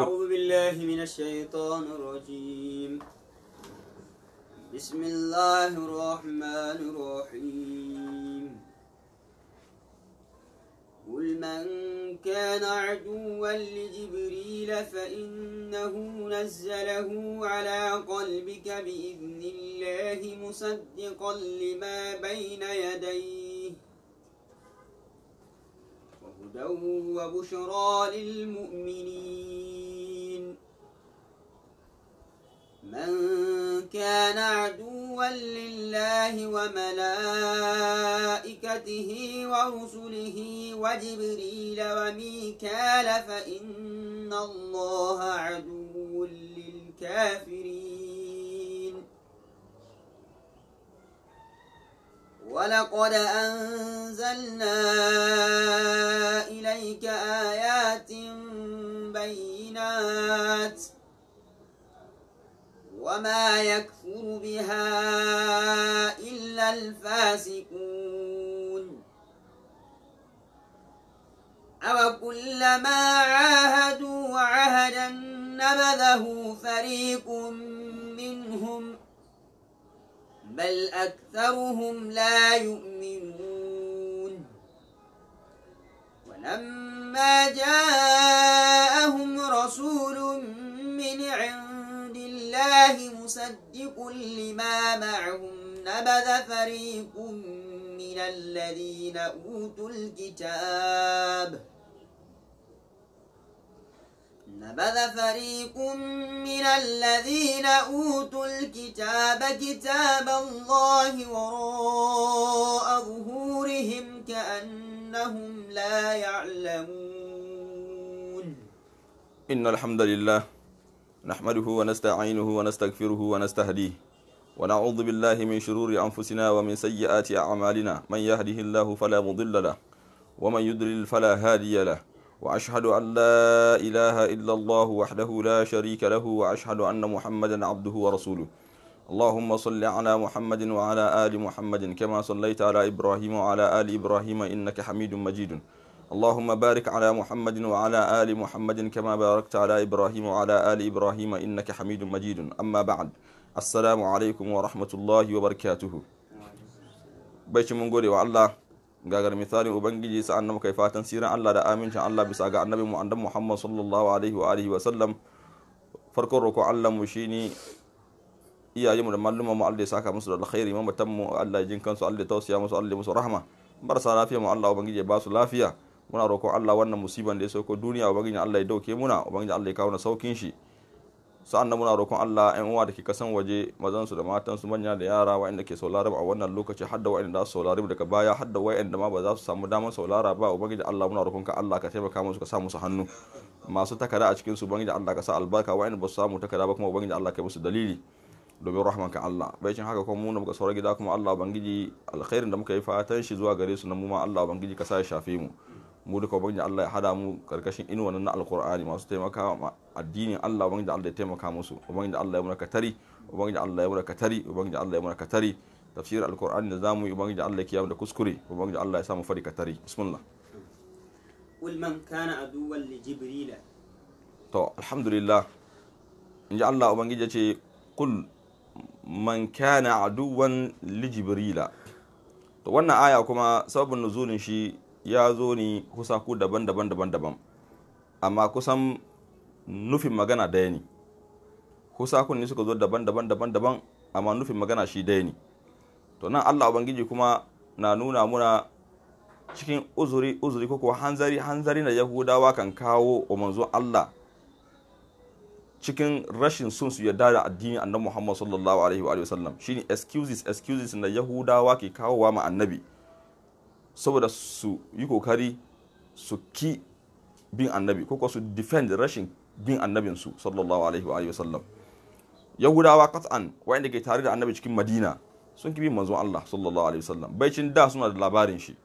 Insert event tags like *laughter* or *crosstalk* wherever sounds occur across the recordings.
أعوذ بالله من الشيطان الرجيم بسم الله الرحمن الرحيم قل من كان عدوا لجبريل فإنه نزله على قلبك بإذن الله مصدقا لما بين يديه وهدى وبشرى للمؤمنين من كان عدوا لله وملائكته ورسله وجبريل وميكال فإن الله عدو للكافرين ولقد أنزلنا إليك آيات بينات وما يكفر بها إلا الفاسقون أو كلما عاهدوا عهدا نبذه فريق منهم بل أكثرهم لا يؤمنون ولما جاءهم رسول من عند الله مصدق لما معهم نبذ فريق من الذين أوتوا الكتاب نبذ فريق من الذين أوتوا الكتاب كتاب الله وراء ظهورهم كأنهم لا يعلمون إن الحمد لله نحمده ونستعينه ونستغفره ونستهديه ونعوذ بالله من شرور أنفسنا ومن سيئات أعمالنا من يهده الله فلا مضل له ومن يدلل فلا هادي له وأشهد أن لا إله إلا الله وحده لا شريك له وأشهد أن محمدا عبده ورسوله اللهم صل على محمد وعلى آل محمد كما صليت على إبراهيم وعلى آل إبراهيم إنك حميد مجيد اللهم بارك على محمد وعلى آل محمد كما باركت على إبراهيم وعلى آل إبراهيم إنك حميد مجيد أما بعد السلام عليكم ورحمة الله وبركاته بيش من قولي وعلا gagar misalin ubangiji sa'an nan kai fatan siran Allah da amincin Allah bisa ga annabi mu annabi Muhammad sallallahu alaihi wa alihi wa sallam farkon roko Allah mu shine iyayenmu da mu Allah ya musu da alkhairi mamatan mu Allah jin kansu Allah ya tausaya musu rahma marasa lafiya mu Allah ubangiji ya lafiya muna roƙon Allah wannan musiban da ya sauko duniya ubangiji Allah ya dauke muna ubangiji Allah ya kawo na saukin shi sa'annan muna roƙon Allah ƴan uwa da ke kasan waje mazan su da matan su manya da yara waɗanda ke saurara a wannan lokaci hadda waɗanda za su saurari daga baya hadda waɗanda ma ba za su samu damar saurara ba ubangiji Allah muna roƙon ka Allah ka taimaka musu ka sa musu hannu masu takara a cikin su ubangiji Allah ka sa albarka waɗanda ba su samu takara ba kuma ubangiji Allah ka musu dalili domin ka Allah cin haka kuma muna muka saurari gida kuma Allah ubangiji alkhairin da muka yi fatan shi zuwa gare su na mu ma Allah ubangiji ka sa ya shafe mu mu duka ubangiji Allah ya hada mu karkashin inuwa na alkur'ani masu taimaka ma addinin Allah ubangiji Allah ya taimaka musu ubangiji Allah ya muraka tari ubangiji Allah ya muraka tari ubangiji Allah ya muraka tari tafsirin alkur'ani da zamu yi ubangiji Allah ya kiyamu da kuskure ubangiji Allah ya samu fari katari. tari bismillah man kana كان li لجبريل to alhamdulillah in ji Allah ubangiji ya ce kul man kana aduwan li jibrila to wannan aya kuma sababin nuzulin shi ya zo ne kusa ku daban daban daban daban amma kusan nufin magana daya ne kusa kun ne suka zo daban daban daban daban amma nufin magana shi daya ne to nan Allah ubangiji kuma na nuna muna cikin uzuri uzuri ko kuwa hanzari hanzari na yahudawa kan kawo wa manzon Allah cikin rashin sun su yarda da addini annabi Muhammad sallallahu alaihi wa sallam shine excuses excuses na yahudawa ke kawowa ma annabi saboda su yi kokari su ki bin annabi ko su defend rashin bin annabinsu sallallahu alaihi wa sallam yahudawa qat'an wa'anda ke tare da annabi cikin madina sun ki bin manzon Allah sallallahu alaihi wa sallam baicin da suna da labarin shi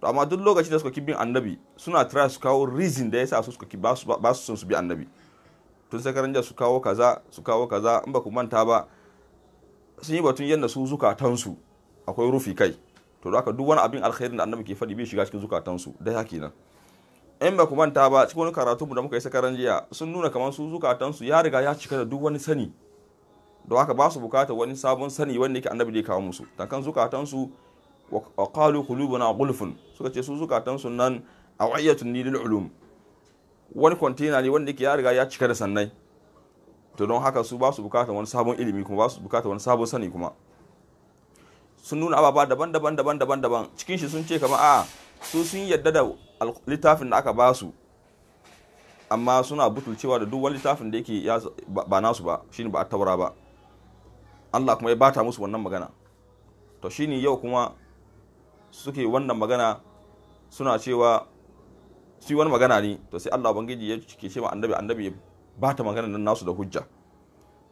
to amma duk lokacin da suka ki bin annabi suna try su kawo reason da yasa su suka ki ba su son su bi annabi tun sakaran su kawo kaza su kawo kaza in ba ku manta ba sun yi batun yadda su zukatansu akwai rufi kai to haka duk wani abin alkhairin da annabi ke faɗi bai shiga cikin zukatansu da ya kenan in ba ku manta ba cikin wani karatu mu da muka yi sakaran jiya sun nuna kamar su zukatansu ya riga ya cika da duk wani sani da haka ba su bukatar wani sabon sani wanda yake annabi da ya kawo musu tankan zukatansu wa qalu qulubuna ghulfun suka ce su zukatansu nan awiyatun lil ulum wani container ne wanda yake ya riga ya cika da sannai to don haka su ba su bukatar wani sabon ilimi kuma ba su bukatar wani sabon sani kuma sun nuna ababa daban-daban daban-daban daban cikin shi sun ce kama a ah, su sun yadda da littafin da aka ba su amma suna butulcewa da duk wani littafin da yake ba nasu ba shine ba a taura ba Allah kuma ya bata musu wannan magana to shine yau kuma suke wannan magana suna cewa su wani magana ne to sai Allah ubangiji ya cike ce ma annabi annabi ya bata magana nan nasu da hujja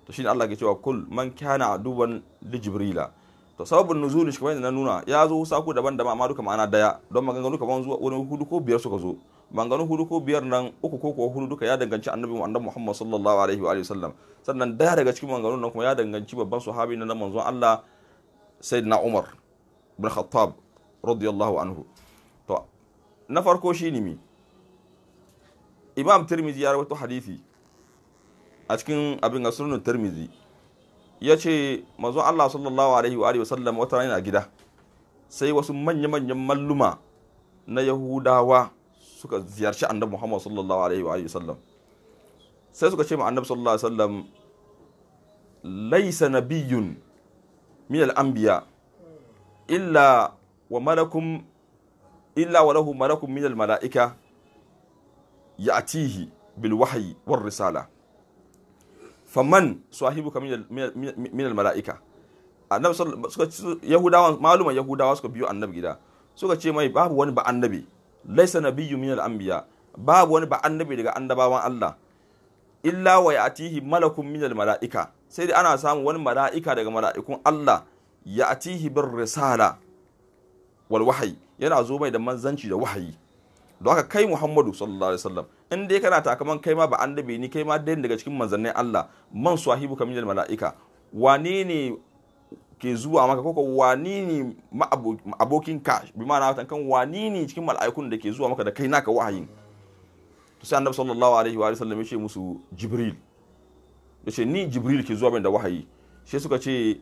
to shine Allah ke cewa kul man kana aduwan li jibrila to sababin nuzulin shi kamar yadda na nuna ya zo sako daban daban amma duka ma'ana daya don maganganu kamar zuwa wani hudu ko biyar suka zo maganganu hudu ko biyar nan uku ko kuwa hudu duka ya danganci annabi annabi Muhammad sallallahu alaihi wa sallam sannan daya daga cikin maganganun nan kuma ya danganci babban sahabi na manzon Allah sayyidina Umar bin Khattab radiyallahu anhu to na farko shine mi Imam Tirmidhi ya rawaito hadisi a cikin abin sunan Tirmidhi ya ce mazo Allah sallallahu alaihi wa sallam wata rana gida sai wasu manya-manyan malluma na yahudawa suka ziyarci annabi muhammad sallallahu alaihi wa sallam sai suka ce ma annabi sallallahu alaihi wa sallam laisa nabiyun min al-anbiya illa wa malakum illa wa lahu malakum min al-mala'ika ya'tihi bil wahyi war risala faman sahibuka min mala'ika annabi suka yahudawa maluman yahudawa suka biyo annabi gida suka ce mai babu wani ba annabi laisa nabiyyu minal al-anbiya babu wani ba annabi daga annabawan Allah illa wa ya'tihi malakun minal malaika sai dai ana samu wani mala'ika daga mala'ikun Allah ya'tihi bir risala wal wahyi yana zo mai da manzanci da wahayi don haka kai Muhammadu sallallahu alaihi wasallam in dai kana takaman kai ma ba annabi ni kai ma dai daga cikin manzannin Allah man swahibu kamilal mala'ika Wani ne ke zuwa maka ko wani ne abokin ka bi ma'ana watan kan wani ne cikin mala'ikun da ke zuwa maka da kai naka wahayin to sai annabi sallallahu alaihi wa sallam ya ce musu jibril ya ce ni jibril ke zuwa min da wahayi sai suka ce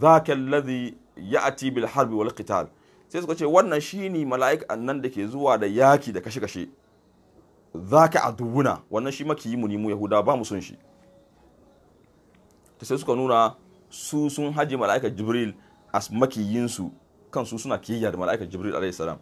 zaka alladhi ya'ti bil harbi wal qital sai suka ce wannan shine mala'ika nan da ke zuwa da yaki da kashe kashe Za ka aduwuna wannan shi maki mu ne mu yahuda ba mu son shi ta sai suka nuna su sun haji mala'ikar jibril as makiyinsu kansu suna kiyayya da mala'ikar jibril alayhi salam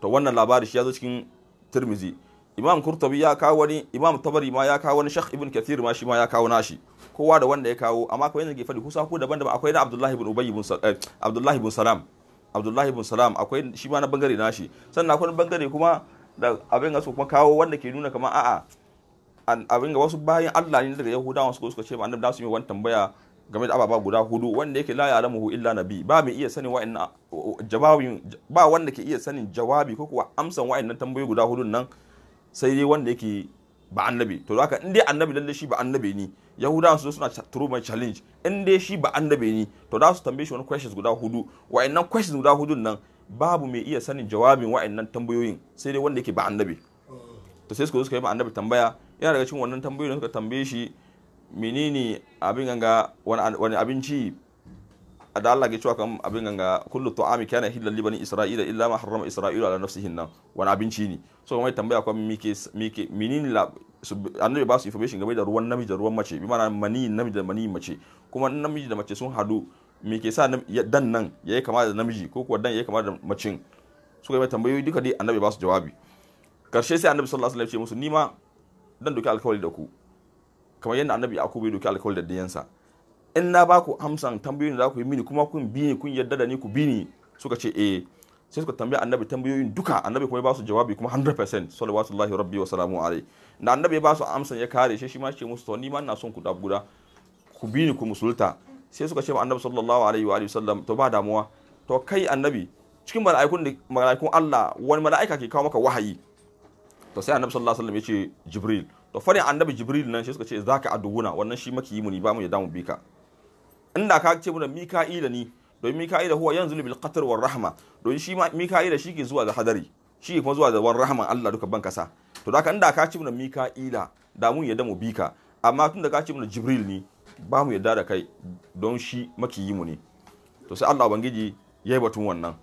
to wannan labari shi ya zo cikin tirmizi imam kurtabi ya kawo wani imam tabari ma ya kawo wani shakh ibn kathir ma shi ma ya kawo nashi kowa da wanda ya kawo amma akwai yanzu ke faɗi kusa ko daban-daban akwai na abdullahi ibn ubay ibn eh, abdullahi ibn salam abdullahi ibn salam akwai shi ma na bangare nashi sannan akwai bangare kuma da abin ga su kuma kawo wanda ke nuna kamar a'a abin ga wasu bayan Allah ne daga Yahudawa su suka ce ma annabi su yi wani tambaya game da ababa guda hudu wanda yake la ya'lamuhu illa nabi ba mai iya sanin wa'annan jawabi ba wanda ke iya sanin jawabi ko kuwa amsan wa'annan tambayoyi guda hudun nan sai dai wanda yake ba annabi to haka in dai annabi lalle shi ba annabi ne yahudawa su suna through my challenge in dai shi ba annabi ne to za su tambaye shi wani questions guda hudu wa'annan questions guda hudun nan babu mai iya sanin jawabin wa'annan tambayoyin sai dai wanda yake ba annabi to sai suka zo suka yi ma annabi tambaya yana daga cikin wannan tambayoyin suka tambaye shi menene abin ganga wani abinci da Allah ke cewa kan abin ganga kullu tu'ami kana hillal li bani isra'ila illa ma harrama Isra'ila ala nafsihi nan wani abinci ne so mai tambaya kan mike mike menene annabi ba su information game da ruwan namiji da ruwan mace bi ma'ana mani namiji da mani mace kuma namiji da mace sun hadu me ke sa dan nan yi kama da namiji ko kuwa dan ya yi kama da macin suka yi mai tambayoyi duka dai annabi ba su jawabi karshe sai annabi sallallahu alaihi wasallam ya ce musu ni ma dan doki alkawari da ku kamar yadda annabi yakubu ya doki alkawari da diyansa in na ba ku amsan tambayoyin da za ku yi mini kuma kun bi ni kun yarda da ni ku bi ni suka ce eh sai suka tambaya annabi tambayoyin duka annabi kuma ya ba su jawabi kuma 100% alaihi rabbi wa salamu alai da annabi ya ba su amsan ya kare shi shi ma ce musu to ni ma ina son ku da guda ku bi ni ku musulta sai suka ce ma annabi sallallahu alaihi wa sallam to ba damuwa to kai annabi cikin mala'ikun da mala'ikun Allah wani mala'ika ke kawo maka wahayi to sai annabi sallallahu alaihi wasallam ya ce jibril to farin annabi jibril nan sai suka ce zaka addu'una. wannan shi makiyi yi muni ba mu ya damu bika inda ka ce mu da mika'ila ni don mika'ila huwa yanzu bil qatr war rahma don shi ma mika'ila shi ke zuwa da hadari shi kuma zuwa da war rahman Allah duka ban kasa to da ka inda ka ce mu da mika'ila da mu ya damu bika amma tun da ka ce mu da jibril ni ba mu yarda da kai don shi makiyi mu ne to sai Allah ubangiji ya yi batun wannan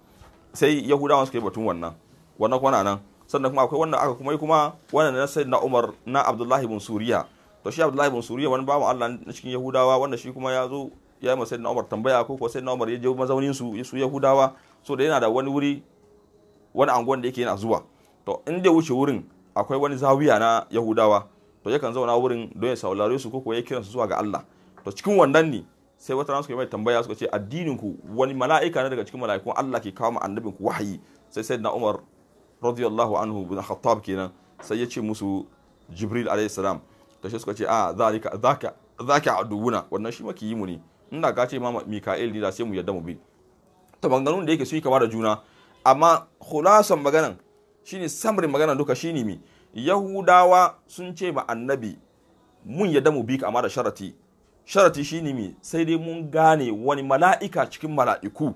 sai yahudawa suka yi batun wannan wannan kwana nan sannan kuma akwai wannan aka kuma yi kuma wannan na sayyidina Umar na Abdullahi bin Suriya to shi Abdullahi bin Suriya wani bawan Allah na cikin Yahudawa wanda shi kuma ya zo ya yi sayyidina Umar tambaya ko ko sayyidina Umar ya je mazaunin su su Yahudawa so da yana da wani wuri wani anguwan da yake yana zuwa to in da wuce wurin akwai wani zawiya na Yahudawa to yakan zauna wurin don ya saurare su ko ko ya kiransu zuwa ga Allah to cikin wannan ne sai wata suka yi mai tambaya suka ce addinin ku wani mala'ika na daga cikin mala'ikun Allah ke kawo annabin ku wahayi sai na Umar radiyallahu anhu bin Khattab kenan sai ya ce musu Jibril alayhi salam to shi suka ce a ah, zalika zaka zaka aduwuna wannan shi maki yi mu ne inda ka ce ma Mika'il ne da sai mu yadda mu bi to maganganun da yake su yi kama da juna amma khulasan maganan shine samrin maganan duka shine mi Yahudawa sun ce ma annabi mun yadda mu bi ka amma da sharati sharati shi me sai dai mun gane wani mala'ika cikin mala'iku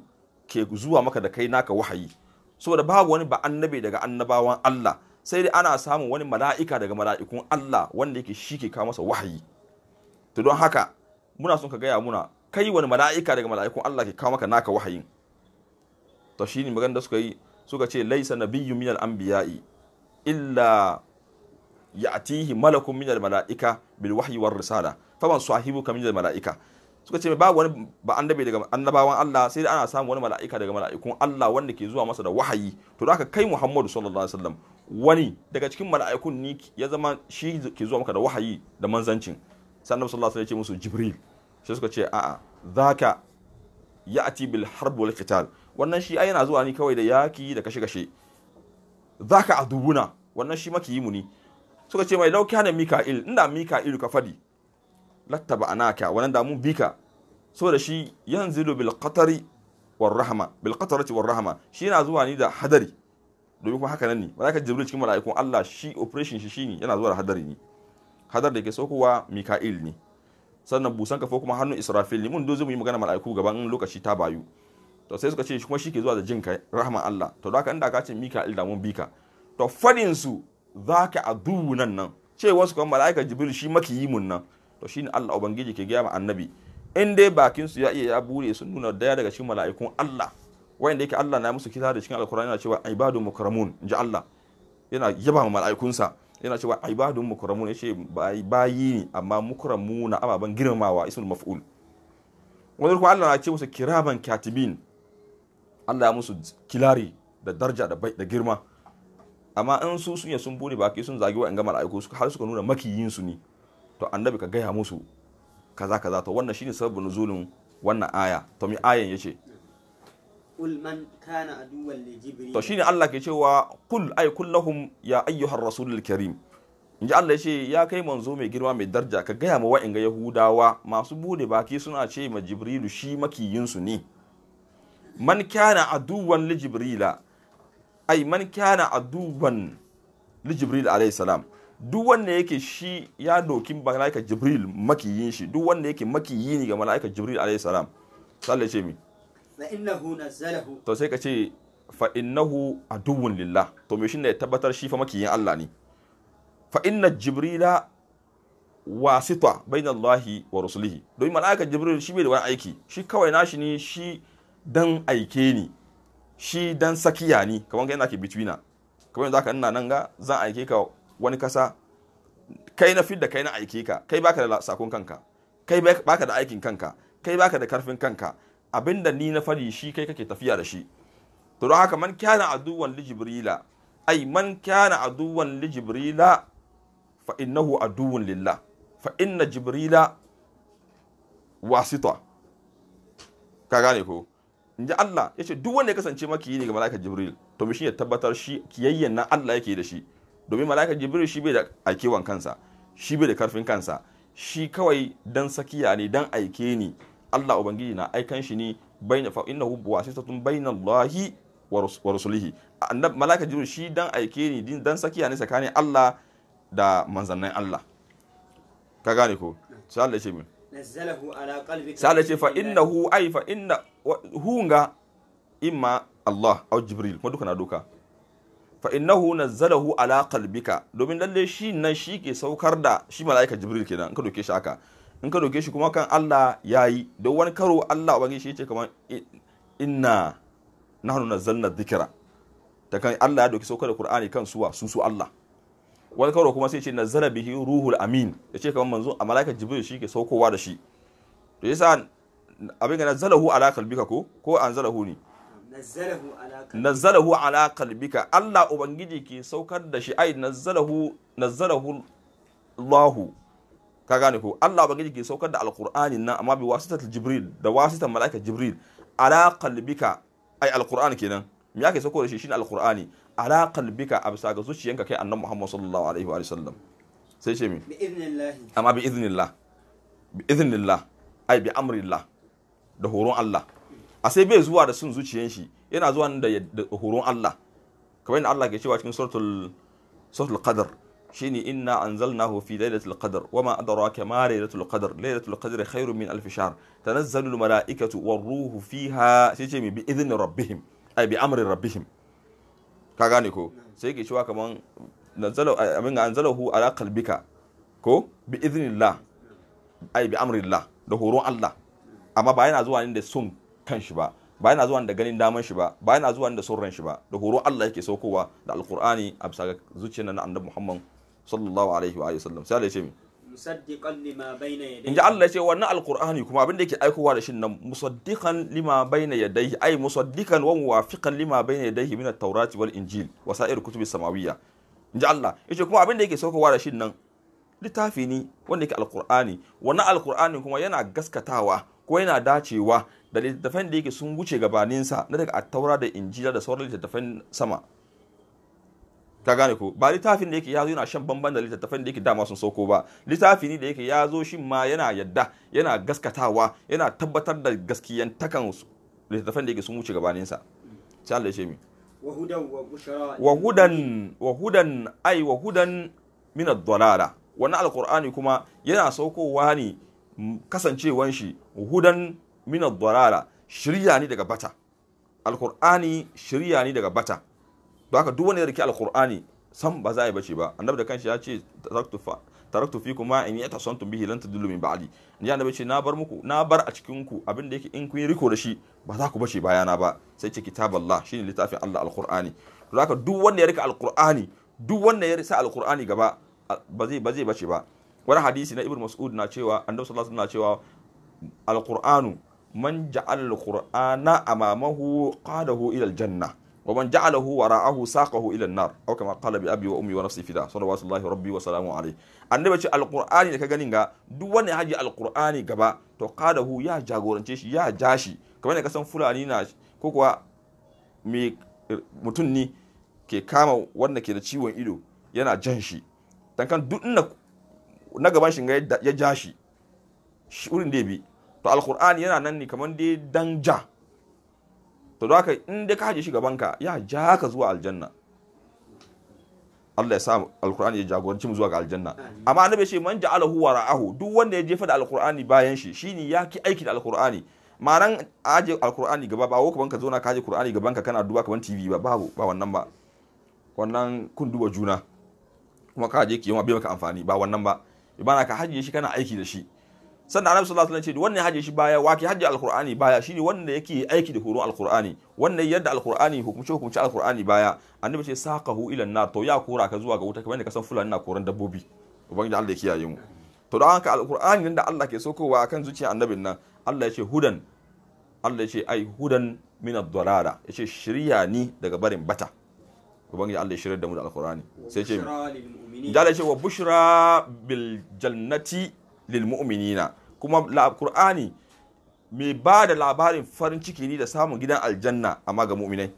ke zuwa maka da kai naka wahayi saboda babu wani ba annabi daga annabawan Allah sai dai ana samun wani mala'ika daga mala'ikun Allah wanda yake shi ke kawo masa wahayi to don haka muna son ka gaya muna kai wani mala'ika daga mala'ikun Allah ke kawo maka naka wahayin to shi ne da suka yi suka ce laisa nabiyyun an anbiya'i illa ya'tihi malakun min al-mala'ika bil wahyi war risala faman kam min al-mala'ika suka ce ba wani ba annabi daga annabawan Allah sai ana samu wani mala'ika daga mala'ikun Allah wanda ke zuwa masa da wahayi to da aka kai Muhammadu sallallahu alaihi wasallam wani daga cikin mala'ikun ni ya zama shi ke zuwa maka da wahayi da manzancin Sannan sallallahu alaihi ya ce musu jibril sai suka ce a'a zaka ya'ti bil harb wal qital wannan shi ai yana zuwa ni kawai da yaki da kashe kashe zaka adubuna wannan shi maki yi mu ni. suka ce mai lauki hannun mika'il inda mika'il ka fadi lattaba ana ka wani Damu bika da shi yanzu bil qatari war rahama. bil qatarati war shi yana zuwa ni da hadari domin kuma haka nan ne ka jibril cikin mala'ikun Allah shi operation shi shi ne yana zuwa da hadari ne hadar da ke saukowa mika'il ne sannan busan kafo kuma hannun israfil ne mun dozi mu yi magana mala'iku gaban lokaci ta bayu to sai suka ce kuma shi ke zuwa da jinka Rahama Allah to da haka inda ka ce mika'il damun bika to fadin su Za zaka aduwu nan nan ce wasu kuma mala'ika jibril shi yi mun nan to shi ne Allah ubangiji ke gaya ma annabi in dai bakin su ya iya ya bure sun nuna daya daga cikin mala'ikun Allah wanda yake Allah na musu kisa da cikin alkur'ani yana cewa ibadu mukarramun inji Allah yana yaba ma mala'ikunsa yana cewa ibadu mukarramun yace bayi ne amma na ababan girmamawa ismul maf'ul wani kuma Allah na ce musu kiraban katibin Allah ya musu kilari da daraja da girma amma in su sun sun bude baki sun zagi wa'anga mala'iku su har suka nuna makiyin su ne to annabi ka gaya musu kaza kaza to wannan shine sababin nuzulin wannan aya to mi ayan yace man kana كان li jibril to shine Allah ke cewa kul ay kullahum ya ayyuhar rasulul karim inji Allah ya ce ya kai manzo mai girma mai darja ka gaya ma ga yahudawa masu bude baki suna ce ma jibrilu shi makiyin su ne man kana aduwan li jibrila ai man a duban li jibril alayhi salam duk wanda yake shi ya doki malaika jibril makiyin shi duk wanda yake makiyi ne ga malaika jibril alayhi salam sai ce mi to sai ka ce fa innahu aduwwun lillah to me shin da ya tabbatar shi fa makiyin Allah ne fa inna jibrila wasita na lahi wa rusulihi don malaika jibril shi bai da wani aiki shi kawai nashi ne shi dan aike ni shi dan sakiya ne kamar yana ke bitwina kamar yanzu haka ina nan ga zan aike ka wani kasa kai na fidda kai na aike ka kai baka da sakon kanka kai baka da aikin kanka kai baka da karfin kanka abinda ni na fari shi kai kake tafiya da shi to don haka man kana aduwan li jibrila ai man kana aduwan li jibrila fa innahu aduwwun lillah fa inna jibrila wasita ka gane ko in ji Allah ya ce duk wanda ya kasance maki ne ga mala'ikar Jibril to mishin ya tabbatar shi kiyayyen na Allah yake da shi domin malaka Jibril shi bai da aikewan kansa shi bai da karfin kansa shi kawai dan sakiya ne dan aike ni Allah ubangiji na aikan shi ne baina fa innahu wasitatun bayna Allahi wa rusulihi annab mala'ikar Jibril shi dan aike ni dan sakiya ne tsakanin Allah da manzannin Allah ka gane ko sai Allah ya ce min nazzalahu ala qalbika ce fa innahu ai fa inna hunga imma Allah au Jibril kuma duka na doka fa innahu nazzalahu ala qalbika domin lalle shi nan shi ke saukar da shi malaika Jibril kenan in ka doke shi haka in ka doke shi kuma kan Allah yayi don wani karo Allah ubangi shi ce kamar inna nahnu nazzalna dhikra ta kan Allah ya doki saukar da Qur'ani kan suwa su su Allah wani karo kuma sai ce na zara bihi ruhul amin ya ce kamar manzo a mala'ikar jibril shi ke saukowa da shi to yasa abin ga nazalahu ala kalbika ko ko an anzalahu ne hu ala kalbika Allah ubangiji ke saukar da shi ai nazzalahu hu Allah ka gane ko Allah ubangiji ke saukar da alqur'ani nan amma bi wasitatul jibril da wasitan mala'ikar jibril ala kalbika ai alqur'ani kenan me yake sauko da shi shine alqur'ani ala qalbika a bisa ga zuciyanka kai annabi Muhammad sallallahu alaihi wa sallam sai ce min amma bi iznillah bi iznillah ai bi amrillah da horon Allah a sai bai zuwa da sun zuciyan shi yana zuwa da horon Allah kamar yadda Allah ke cewa cikin suratul suratul qadr shine inna anzalnahu fi lailatul qadr wama adraka ma lailatul qadr lailatul qadr khairun min alf shahr tanazzalu al malaikatu war ruhu fiha sai ce mi bi idzni rabbihim ai bi amri rabbihim ka gane ko sai ke cewa kaman nanzala amin anzalahu ala qalbika ko bi idhnillah ai bi amrillah da horon Allah amma ba yana zuwa ne da sun kanshi ba ba yana zuwa da ganin daman shi ba ba yana zuwa da son ran shi ba da horon Allah yake saukowa da alqur'ani a bisa ga zuciyar na annabi Muhammad sallallahu alaihi wa sallam sai Allah ya ce mi musaddiqan lima bayna yadayhi inji Allah ce wannan alqur'ani kuma abin da yake aikowa da shi nan musaddiqan lima bayna yadayhi ai musaddiqan wa muwafiqan lima bayna yadayhi min at-taurati wal injil wa sa'ir kutubi samawiyya inji Allah ya ce kuma abin da yake saukowa da shi nan littafi ne wanda yake alqur'ani wannan alqur'ani kuma yana gaskatawa ko yana dacewa da littattafan da yake sun wuce gabaninsa na daga taura da injila da sauran littattafan sama ka gane ko ba littafin da yake yazo zo yana shan bamban da littattafan da yake dama sun sauko ba littafi ne da yake yazo zo shi ma yana yadda yana gaskatawa yana tabbatar da gaskiyan takan littattafan da yake sun wuce gabanin sa sai Allah ya ce mi wa hudan wa hudan ai wa hudan min ad-dalala wannan alqur'ani kuma yana saukowa ne kasancewan shi hudan min ad-dalala shirya ne daga bata alqur'ani shirya ne daga bata don haka duk wani ya rike alqur'ani san ba za a yi bace ba annabi da kanshi ya ce taraktu fi kuma in yi santu bihi lan tadullu min ba'di ni annabi ce na bar muku na bar a cikin ku abin da yake in kun riko da shi ba za ku bace bayana ba sai ce kitaballah shine littafin Allah alqur'ani don haka duk wanda ya rika alqur'ani duk wanda ya rika alqur'ani gaba ba zai ba zai bace ba wani hadisi na ibnu mas'ud na cewa annabi sallallahu alaihi wasallam na cewa alqur'anu man ja'al alqur'ana amamahu qadahu ila aljanna wa man ja'alahu wara'ahu saqahu ila an-nar aw kama qala bi abi wa ummi wa nafsi fida sallallahu alaihi wa salamu alaihi annabi ce alqur'ani da ka gani ga duk wanda ya haji alqur'ani gaba to qadahu ya jagorance shi ya jashi shi kamar da ka fulani na ko kuwa mai mutum ne ke kama wanda ke da ciwon ido yana jan shi tankan duk na gaban shi ya jashi shi wurin da bi to alqur'ani yana nan ne kamar dai dan ja to da haka in dai ka haje shi gabanka ya ja ka zuwa aljanna Allah ya sa alkur'ani ya jagoranci mu zuwa ga aljanna amma annabi ce man ja'alahu wara'ahu duk wanda ya jefa da alkur'ani bayan shi shine ya ki aiki da alkur'ani ma'anan aje alkur'ani gaba ba wai kaman ka zauna ka aje qur'ani gaban ka kana duba kaman tv ba babu ba wannan ba wannan kun duba juna kuma ka aje ki ma bai maka amfani ba wannan ba ibana ka hajiye shi kana aiki da shi sannan annabi sallallahu alaihi wasallam ce wannan hajji shi baya wake hajji alqur'ani baya shine wanda yake aiki da horon alqur'ani wannan yadda alqur'ani hukumce hukumce alqur'ani baya annabi ce saqahu ila nar to ya kora ka zuwa ga wuta kamar yadda kasan fulani na koran dabbobi ubangiji Allah ya kiyaye mu to don haka alqur'ani nan da Allah ke sokowa akan zuciya annabin nan Allah ya ce hudan Allah ya ce ai hudan min ad-dalala ya ce shirya ni daga barin bata ubangiji Allah ya shirya da mu da alqur'ani sai ce jala ce wa bushra bil jannati lil mu'minina kuma alkur'ani mai ba da labarin farin ciki ne da samun gidan aljanna amma ga mu'minai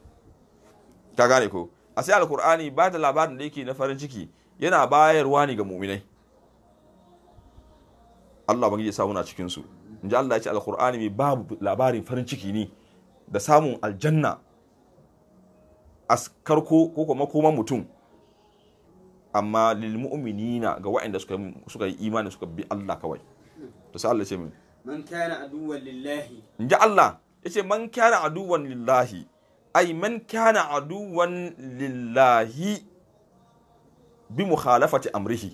Ta gane ko a sai alkur'ani ba da labarin da yake na farin ciki yana bayarwa ne ga mu'minai Allah bangi ya samu na cikin in ji Allah ya ce alkur'ani mai babu labarin farin ciki ne da samun aljanna a karko ko kuma makoman mutum amma lil mu'minina ga waɗanda suka yi imani suka bi Allah kawai to sai Allah ce min man kana aduwan lillahi in ji Allah ya ce man kana aduwan lillahi ai man kana aduwan lillahi bi mukhalafati amrihi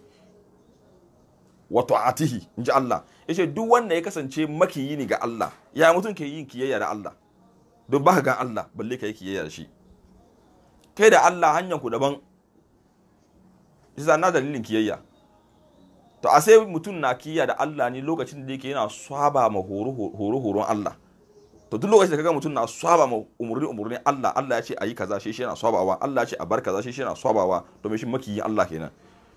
wa ta'atihi in ji Allah ya ce duk wanda ya kasance makiyi ne ga Allah ya mutum ke yin kiyayya da Allah don ba ga Allah balle ka yi kiyayya da shi kai da Allah hanyar ku daban isa na dalilin kiyayya to a sai mutum na kiyaye da Allah ne lokacin da yake yana swaba ma horo horon Allah to duk lokacin da kaga mutum na swaba ma umurni umurni Allah Allah ya ce a yi kaza shi yana sabawa. Allah ya ce a bar kaza shi yana sabawa. to me shi makiyi Allah kenan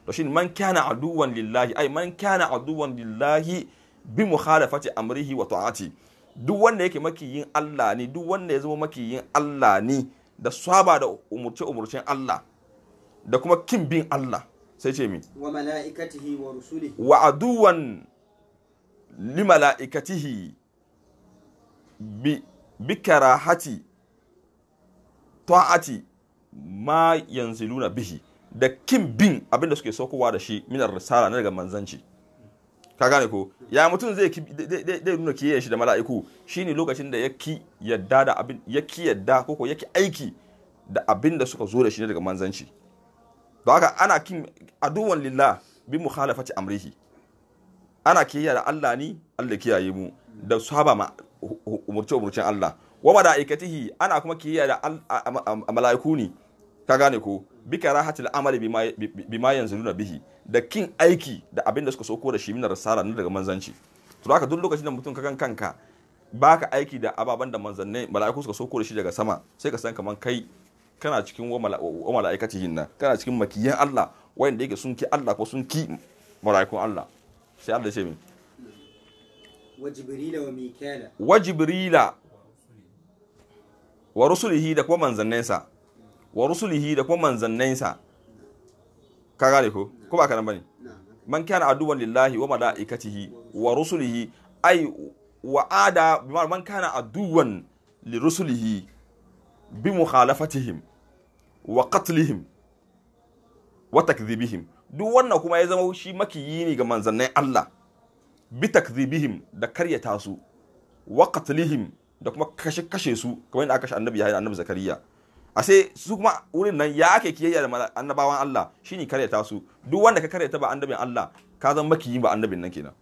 to shi man kana aduwan lillahi ai man kana aduwan lillahi bi mukhalafati amrihi wa ta'ati duk wanda yake makiyin Allah ne duk wanda ya zama makiyin Allah ne da swaba da umurce umurcen Allah da kuma kin bin Allah sai ce mi wa mala'ikatihi aduwan li bi karahati ta'ati ma yanziluna bihi da kin bin abinda suke saukowa da shi minar risala na daga manzanci ka gane ko ya mutum zai zai nuna kiyaye shi da mala'iku shine lokacin da ya ki yadda da ko ko ya ki aiki da abin da suka zo da shi na daga manzanci don haka ana kin aduwan lillah bi mukhalafati amrihi ana kiyaye da Allah ni Allah kiyaye mu da saba ma umurce umurcen Allah wa malaikatihi ana kuma kiyaye da malaiku ne ka gane ko bi karahatil amali bi ma yanzuluna bihi da kin aiki da abin da suka soko da shi min rasala na daga manzanci to haka duk lokacin da mutum ka kan kanka baka aiki da ababan da manzannai mala'iku suka soko da shi daga sama sai ka san kaman kai kana cikin wa mala'ikatihin nan kana cikin makiyan Allah wayanda yake sun ki Allah ko sun ki mala'ikun Allah sai Allah ce min wa jibrila wa mikala wa jibrila wa rusulihi da kuma manzannansa wa rusulihi da kuma manzannansa ka gane ko ko ba kanan bane man kana aduwan lillahi wa mala'ikatihi wa rusulihi ai wa ada man kana aduwan li rusulihi bi mukhalafatihim wa qatlihim wa takdhibihim duk wannan kuma ya zama shi makiyi ne ga manzannin Allah bi takdhibihim da karyata su wa qatlihim da kuma kashe kashe su kamar yadda aka kashe annabi Yahya annabi Zakariya a sai su kuma wurin nan ya ake kiyayya da annabawan Allah shine karyata su duk wanda ka karyata ba annabin Allah ka zama makiyi ba annabin nan kenan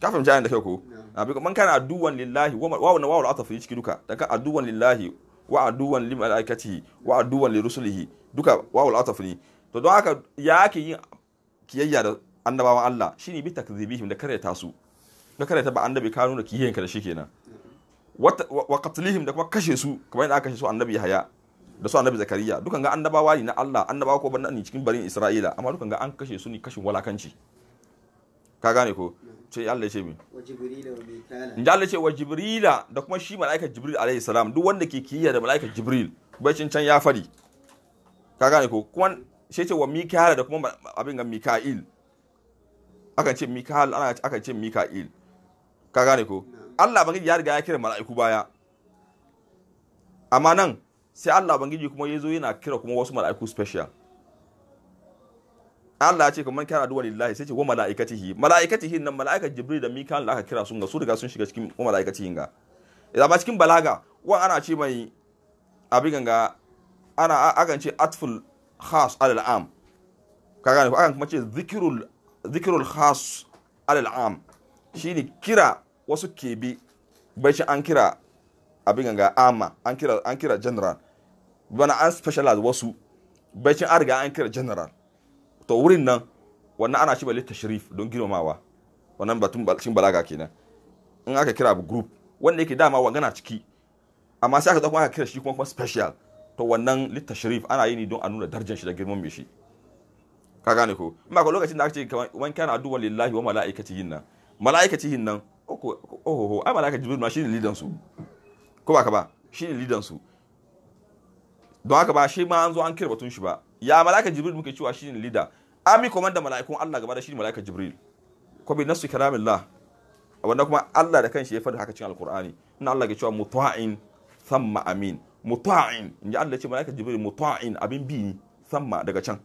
ka fahimci ayan da kai ko man kana addu'an lillahi wa wa wa atafi cikin duka daga addu'an lillahi wa aduwan li malaikatihi wa aduwan li rusulihi duka wawul ataf ne to don haka ya ake yin kiyayya da annabawan Allah shine bi takdhibihim da karyata su da karyata ba annabi ka nuna kiyayen ka da shi kenan wa qatlihim da kuma kashe su kamar yadda aka kashe su annabi Yahya da su annabi Zakariya dukan ga annabawa ne na Allah annabawa ko ban cikin barin Isra'ila amma dukan ga an kashe su ne kashin walakanci ka gane ko ce Allah ce mi inda Allah ce wa jibrila da kuma shi mala'ika jibril alaihi salam duk wanda ke kiyaye da mala'ika jibril bacin can ya fari ka gane ko kuma shi ce wa mikael da kuma abin ga Mikael akan ce Mikael ana akan ce Mikael ka gane ko Allah bangiji ya riga ya kira mala'iku baya amma nan sai Allah bangiji kuma ya zo yana kira kuma wasu mala'iku special Allah ya ce kamar kana addu'a lillahi sai ce wa malaikatihi malaikatihi nan malaikat jibril da mikael Allah aka kira sun ga su riga sun shiga cikin wa malaikatihi ga idan ba cikin balaga wa ana ce mai abin ganga ana akan ce atful khas alal am ka gane akan kuma ce zikirul zikirul khas alal am shine kira wasu kebe bai shi an kira abin ganga ama an kira an kira general bana an specialize wasu bai shi an riga an kira general to wurin nan wannan ana shi balle tashrif don girmamawa wannan batun cikin balaga kenan in aka kira group wanda yake dama wangana ciki amma sai aka zo kuma aka kira shi kuma special to wannan littashirif ana yi ne don a nuna darajar shi da girman shi ka gane ko in ba lokacin da aka ce wani kana addu'a lillahi wa mala'ikatihin nan mala'ikatihin nan oho oh, oh, oh, ai mala'ika jibril ma shine lidan su ko ba ka ba shine lidan su don haka ba shi ma an zo an kira batun shi ba ya mala'ika jibril muke cewa shine leader army da mala'ikun Allah gaba da shine mala'ika jibril ko bi nasu kalamillah wannan kuma Allah da kanshi ya faɗi haka cikin alqur'ani Inna Allah ke cewa muta'in thumma amin muta'in inji Allah ya ce mala'ika jibril muta'in abin bi ni thumma daga can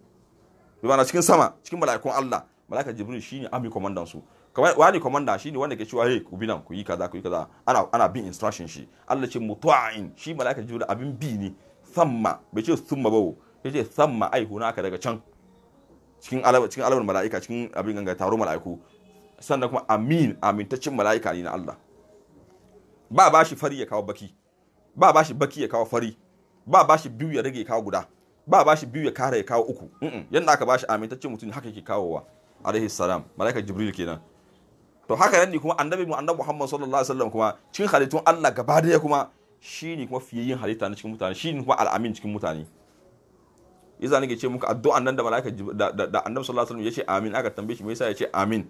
bi ma'ana cikin sama cikin mala'ikun Allah mala'ika jibril shine army commander su wani commander shine wanda ke cewa hey ku bi nan ku yi kaza ku yi kaza ana ana bin instruction shi Allah ce muta'in shi mala'ika jibril abin bi ni thumma bai ce thumma ba yace thamma na aka daga can cikin alamar alabar mala'ika cikin abin ganga taro mala'iku sannan kuma amin amintaccen mala'ika ne na Allah ba ba shi fari ya kawo baki ba ba shi baki ya kawo fari ba ba shi biyu ya rage ya kawo guda ba ba shi biyu ya kara ya kawo uku yadda aka ba shi amintaccen mutum haka yake kawowa alaihi salam mala'ika jibril kenan to haka yanni kuma annabi mu annabi Muhammad sallallahu alaihi wasallam kuma cikin halittun Allah gaba daya kuma shine kuma fiye yin halitta na cikin mutane shine kuma al'amin cikin mutane yasa nake ce muku addu'a nan da mala'ika da annabi sallallahu alaihi wasallam ya ce amin aka tambaye shi me yasa ya ce amin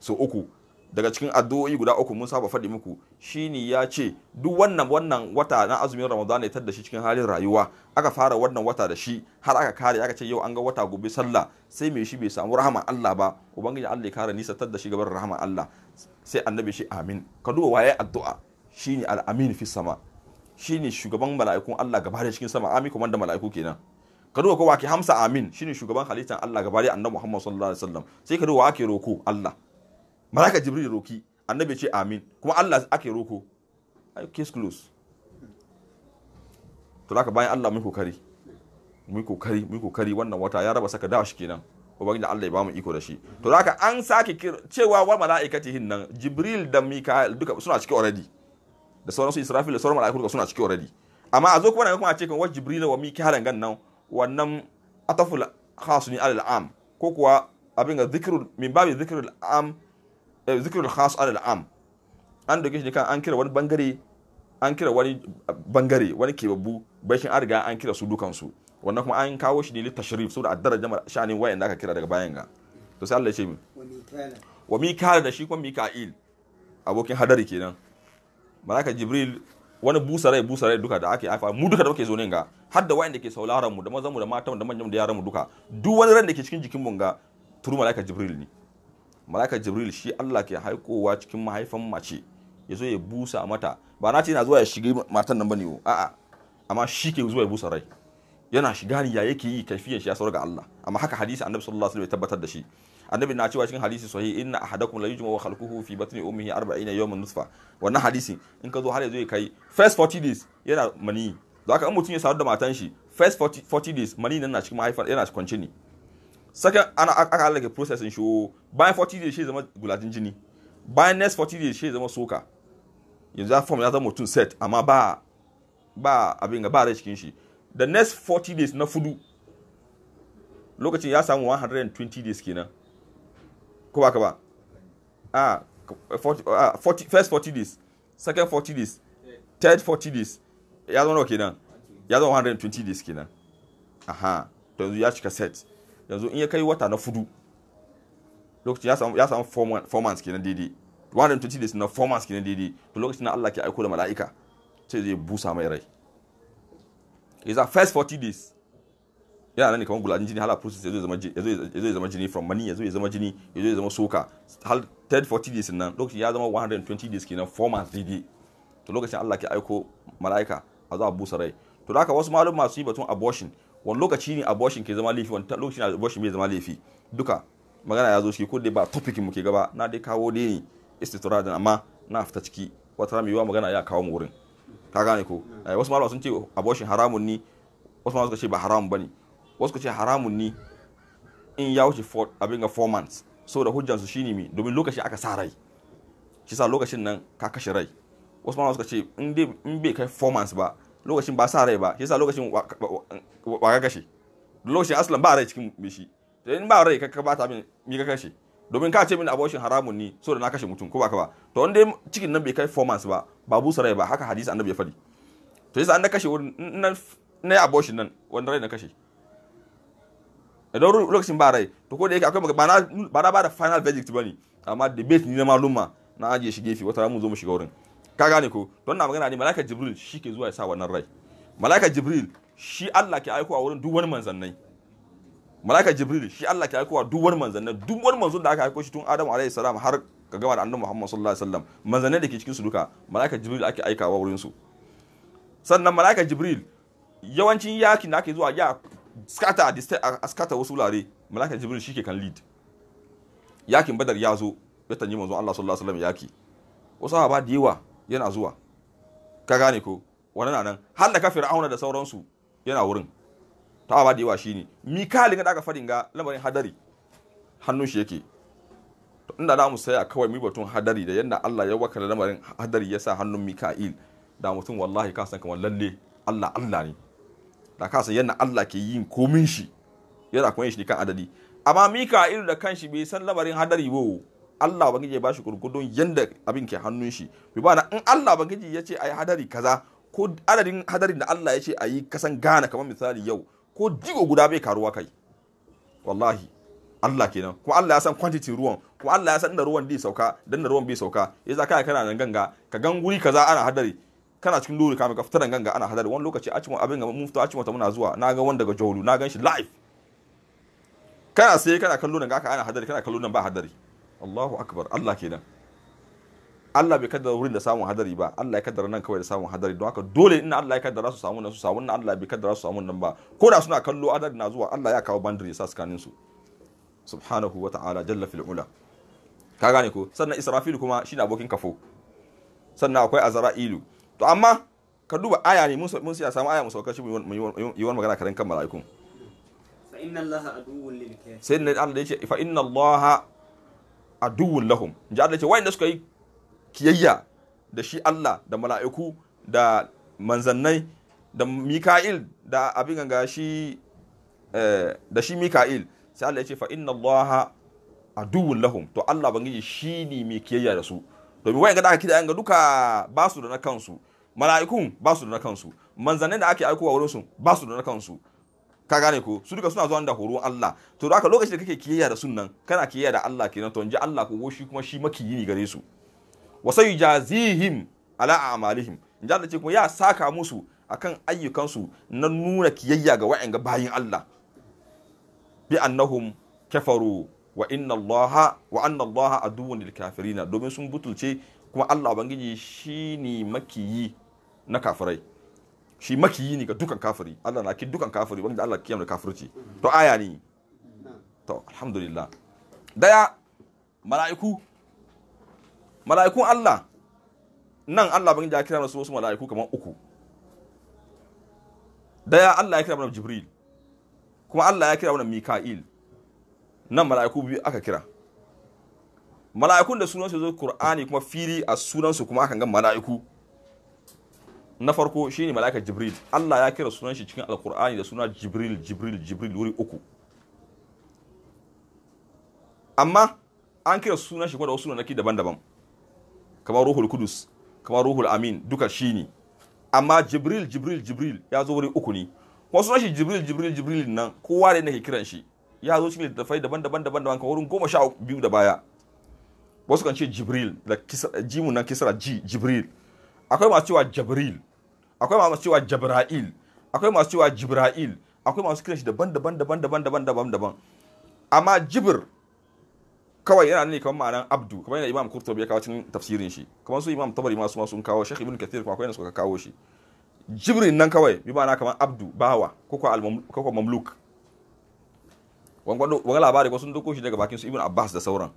so uku daga cikin addu'o'i guda uku mun saba faɗi muku shine ya ce duk wannan wannan wata na azumin ramadan ya tada shi cikin halin rayuwa aka fara wannan wata da shi har aka kare aka ce yau an ga wata gobe sallah sai me shi bai samu rahama Allah ba ubangiji Allah ya kare nisa tada shi gaban rahama Allah sai annabi shi amin ka duba waye addu'a shine al-amin fi sama shine shugaban mala'ikun Allah gaba da cikin sama amin kuma da mala'iku kenan ka duba ko ke hamsa amin shine shugaban halittar Allah gaba da annabi Muhammad sallallahu alaihi wasallam sai ka duba ake roko Allah malaka jibril roki annabi ce amin kuma Allah ake roko ai case close to ka bayan Allah Mun kokari mu kokari mu kokari wannan wata ya raba saka shi kenan ubangiji Allah ya mu iko da shi to haka an sake cewa wa malaikatihin nan jibril da mika'il duka suna cikin already da su israfil da sauran mala'iku suna cikin already amma a zo kuma na kuma a ce kan wa jibril wa mika'il gan nan wannan ataful khas ni alal am ko kuwa abin ga zikru min babi al am zikru eh, al khas alal am an doke shi kan an kira wani bangare an kira wani bangare wani kebabbu bashin an riga an kira su dukan su wannan kuma an kawo shi ne li litashrif saboda addara jama'ar sha'anin wayan da aka kira daga bayan ga to sai Allah ya ce mi wa mikail da shi kuma mika'il abokin hadari kenan malaka jibril wani busa rai busa rai duka da ake afa mu duka da muke zo ne ga har da wayanda ke sauraron mu da mazan mu da matan mu da manyan mu da yaran mu duka duk wani ran da ke cikin jikin mu ga turu malaika jibril ne malaika jibril shi Allah ke haikowa cikin mahaifan mace ya zo ya busa mata ba na ce yana zuwa ya shiga matan nan bane a'a amma shi ke zuwa ya busa rai yana shiga ne ya yake yi kafiyan shi ya saurara ga Allah amma haka hadisi annabi sallallahu alaihi wasallam ya tabbatar da shi annabi na cewa cikin hadisi sahi inna ahadakum la yujma wa khalquhu fi batni ummihi 40 yawman nusfa wannan hadisi in ka zo har yanzu ya kai first 40 days yana mani zaka haka in mutum ya sadu da matan shi first 40 days mani nan na cikin mahaifa yana kwance ne second ana aka halaka processing shi oh, bayan 40 days shi zama gulatin jini bayan next 40 days shi zama soka yanzu a form ya zama mutum set amma ba ba abin ga ba rai cikin shi the next 40 days na fudu lokacin ya samu 120 days kenan ko ba ka ba ah, ah first 40 days second 40 days third 40 days ya zama nawa kenan ya zama 120 days kenan aha to yanzu ya cika set yanzu in ya kai wata na fudu lokacin ya samu ya samu months daidai 120 days na four months kenan daidai to lokacin na Allah aiko da mala'ika sai zai busa mai rai is first 40 days yana nan ne kamar gulaɗin jini hala process yazo ya zama jini from mani yazo ya zama jini yazo ya zama soka Hal 30 40 days nan lokacin ya zama 120 days kenan 4 months daidai to lokacin Allah ke aiko mala'ika a zuwa busa rai to da haka wasu malum masu yi batun abortion wani lokaci ne abortion ke zama laifi wani lokaci ne abortion bai zama laifi duka magana ya zo shi ko dai ba topic mu ke gaba na dai kawo dai ne istitradin amma na fita ciki wata rami yawa magana ya kawo mu wurin ka gane ko eh, wasu malum sun ce abortion haramun ni wasu malum suka ce ba haramun bane wasu ce haramun ni in ya wuce abin ga four months saboda hujjansu shine mi domin lokaci aka sa rai shi sa lokacin nan ka kashe rai wasu ma suka ce in bai kai four months ba lokacin ba sa rai ba shi sa lokacin wa ka kashe lokacin aslan ba rai cikin bishi in ba rai ka ta min mi ka kashe domin ka ce min abortion haramun ni so da na kashe mutum ko ba ka ba to wanda cikin nan bai kai four months ba ba busa rai ba haka hadisi annabi ya fadi to yasa an da kashe wurin na abortion nan wanda rai na kashe idan lokacin ba rai to ko da yake akwai ba na ba da final verdict bane amma debate ne na maluma na ajiye shi gefe wata mu zo mu shiga wurin ka gane ko to wannan magana ne malaika jibril shi ke zuwa ya sa wannan rai malaika jibril shi Allah ke aikowa wurin duk wani manzannai malaika jibril shi Allah ke aikowa duk wani manzannai duk wani manzon da aka aiko shi tun adamu alaihi salam har ka gama da annabi muhammad sallallahu alaihi wasallam manzannai da ke cikin su duka malaika jibril ake aikawa wurin su sannan malaika jibril yawancin yakin da ake zuwa ya skata a skata wasu wurare malaikar jibril shike ke kan lead yakin badar ya zo ya tanyi manzo Allah sallallahu alaihi wasallam yaki wasu ba da yawa yana zuwa ka gane ko wannan nan har da ka fir'auna da sauransu yana wurin ta ba da yawa shine mikalin ga daga farin ga lamarin hadari hannun shi yake to inda da mu saya kawai mu batun hadari da yanda Allah ya wakala lamarin hadari ya sa hannun mika'il da mutum wallahi ka san kamar lalle Allah Allah ne da ka san Allah ke yin komin shi yana kuma shi kan adadi amma Mika'il da kanshi bai san labarin hadari ba Allah bangiji ya bashi gurgudun yanda abin ke hannun shi bi ba in Allah ba ya ce ayi hadari kaza ko adadin hadarin da Allah ya ce ayi kasan gana kamar misali yau ko digo guda bai karuwa kai wallahi Allah kenan kuma Allah ya san quantity ruwan kuma Allah ya san inda ruwan bai sauka dan da ruwan bai sauka yasa kai kana nan ganga ka gan guri kaza ana hadari kana cikin lori kafin ka fitaran ganga ana hadari wani lokaci a cikin abin ga mun fito a cikin wata muna zuwa na ga wanda daga jolu na gan shi live kana sai kana kallo nan gaka ana hadari kana kallo nan ba hadari Allahu akbar Allah kenan Allah bai kaddara wurin da samun hadari ba Allah ya kaddara nan kawai da samun hadari don haka dole in Allah ya kaddara su samu nan su samu nan Allah bai kaddara su samu nan ba ko da suna kallo adadi na zuwa Allah ya kawo bandiri ya sa tsakanin su subhanahu wa ta'ala jalla fil ula ka gane ko sannan Israfil kuma shine abokin kafo sannan akwai Azra'ilu to amma ka duba aya ne mun siya samu aya mu sauka shi mu yi wani magana karen kan mala'ikun sai inna allaha aduwwun lil kafirin sai Allah yace fa inna allaha aduwwun lahum ji Allah ce wayanda suka yi kiyayya da shi Allah da mala'iku da manzannai da Mika'il da abin ganga shi eh, da shi Mika'il sai Allah ce fa inna allaha aduwwun lahum to Allah bangiji shi ne mai kiyayya da su domin wayan da aka kida ga duka ba su da na kansu mala'ikun ba su da na kansu manzannin da ake aikowa wurin su ba su da na kansu ka gane ko su duka suna zuwa da horon Allah to da haka lokacin da kake kiyayya da sunnan kana kiyayya da Allah kenan to inji Allah ko shi kuma shi makiyi ne gare su wa jazihim ala a'malihim inji Allah ce kuma ya saka musu akan ayyukansu na nuna kiyayya ga ga bayin Allah bi annahum kafaru wa inna allaha wa anna allaha aduwwun lil kafirina domin sun butulce kuma Allah ubangiji shine makiyi na kafirai shi makiyi ne ga dukan kafiri Allah na ki dukan kafiri wanda Allah kiyam da kafirci to aya ne to alhamdulillah daya mala'iku mala'ikun Allah nan Allah ubangiji ya kira su wasu mala'iku kamar uku daya Allah ya kira mana Jibril kuma Allah ya kira mana Mika'il nan mala'iku biyu aka kira mala'ikun da sunansu zo Qur'ani kuma fili a sunansu kuma akan ga mala'iku na farko shine mala'ika Jibril Allah ya kira sunan shi cikin Alkur'ani da suna Jibril Jibril Jibril wuri uku amma an kira sunan shi kuma da wasu sunanaki daban-daban kamar Ruhul Kudus kamar Ruhul Amin duka shine amma Jibril Jibril Jibril ya zo wuri uku ne kuma sunan shi Jibril Jibril Jibril nan kowa da yake kiran shi ya zo cikin littattafai daban-daban daban-daban ka wurin goma sha biyu da baya wasu kan ce jibril da jimu na kisra ji jibril akwai masu cewa jibril akwai masu cewa jibra'il akwai masu cewa jibra'il akwai masu kiran shi daban-daban daban-daban daban-daban daban amma jibir kawai yana ne kamar ma'anar abdu kamar yana imam kurtobi ya kawo cikin tafsirin shi kamar su imam tabari masu masu kawo shekh ibn kathir kuma akwai yana suka kawo shi jibrin nan kawai bi ma'ana kamar abdu bawa ko ko mamluk wani labari wasu doko shi daga bakin su ibn abbas da sauran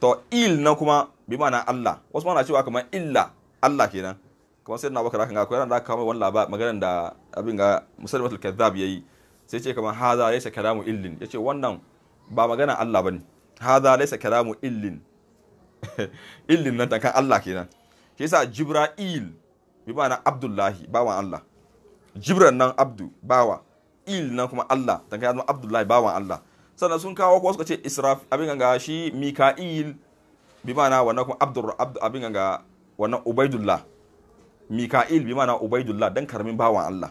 to il na kuma bi ma'ana allah wasu ma'ana cewa kamar illa allah kenan kamar sai na bakar kan akwai da aka kawo wani labari maganar da abin ga musalmatul ya yayi sai ce kamar haza laysa kalamu illin yace wannan ba magana allah bane haza laysa kalamu illin *laughs* illin nan tankan allah kenan shi yasa jibra'il bi ma'ana abdullahi bawan allah jibran nan abdu bawa il nan kuma Allah dan kai Abdullahi bawan Allah sannan sun kawo ko suka ce israf abin ganga shi mika'il bi mana wannan kuma abdur abin ganga wannan ubaidullah mika'il bi mana ubaidullah dan karamin bawan Allah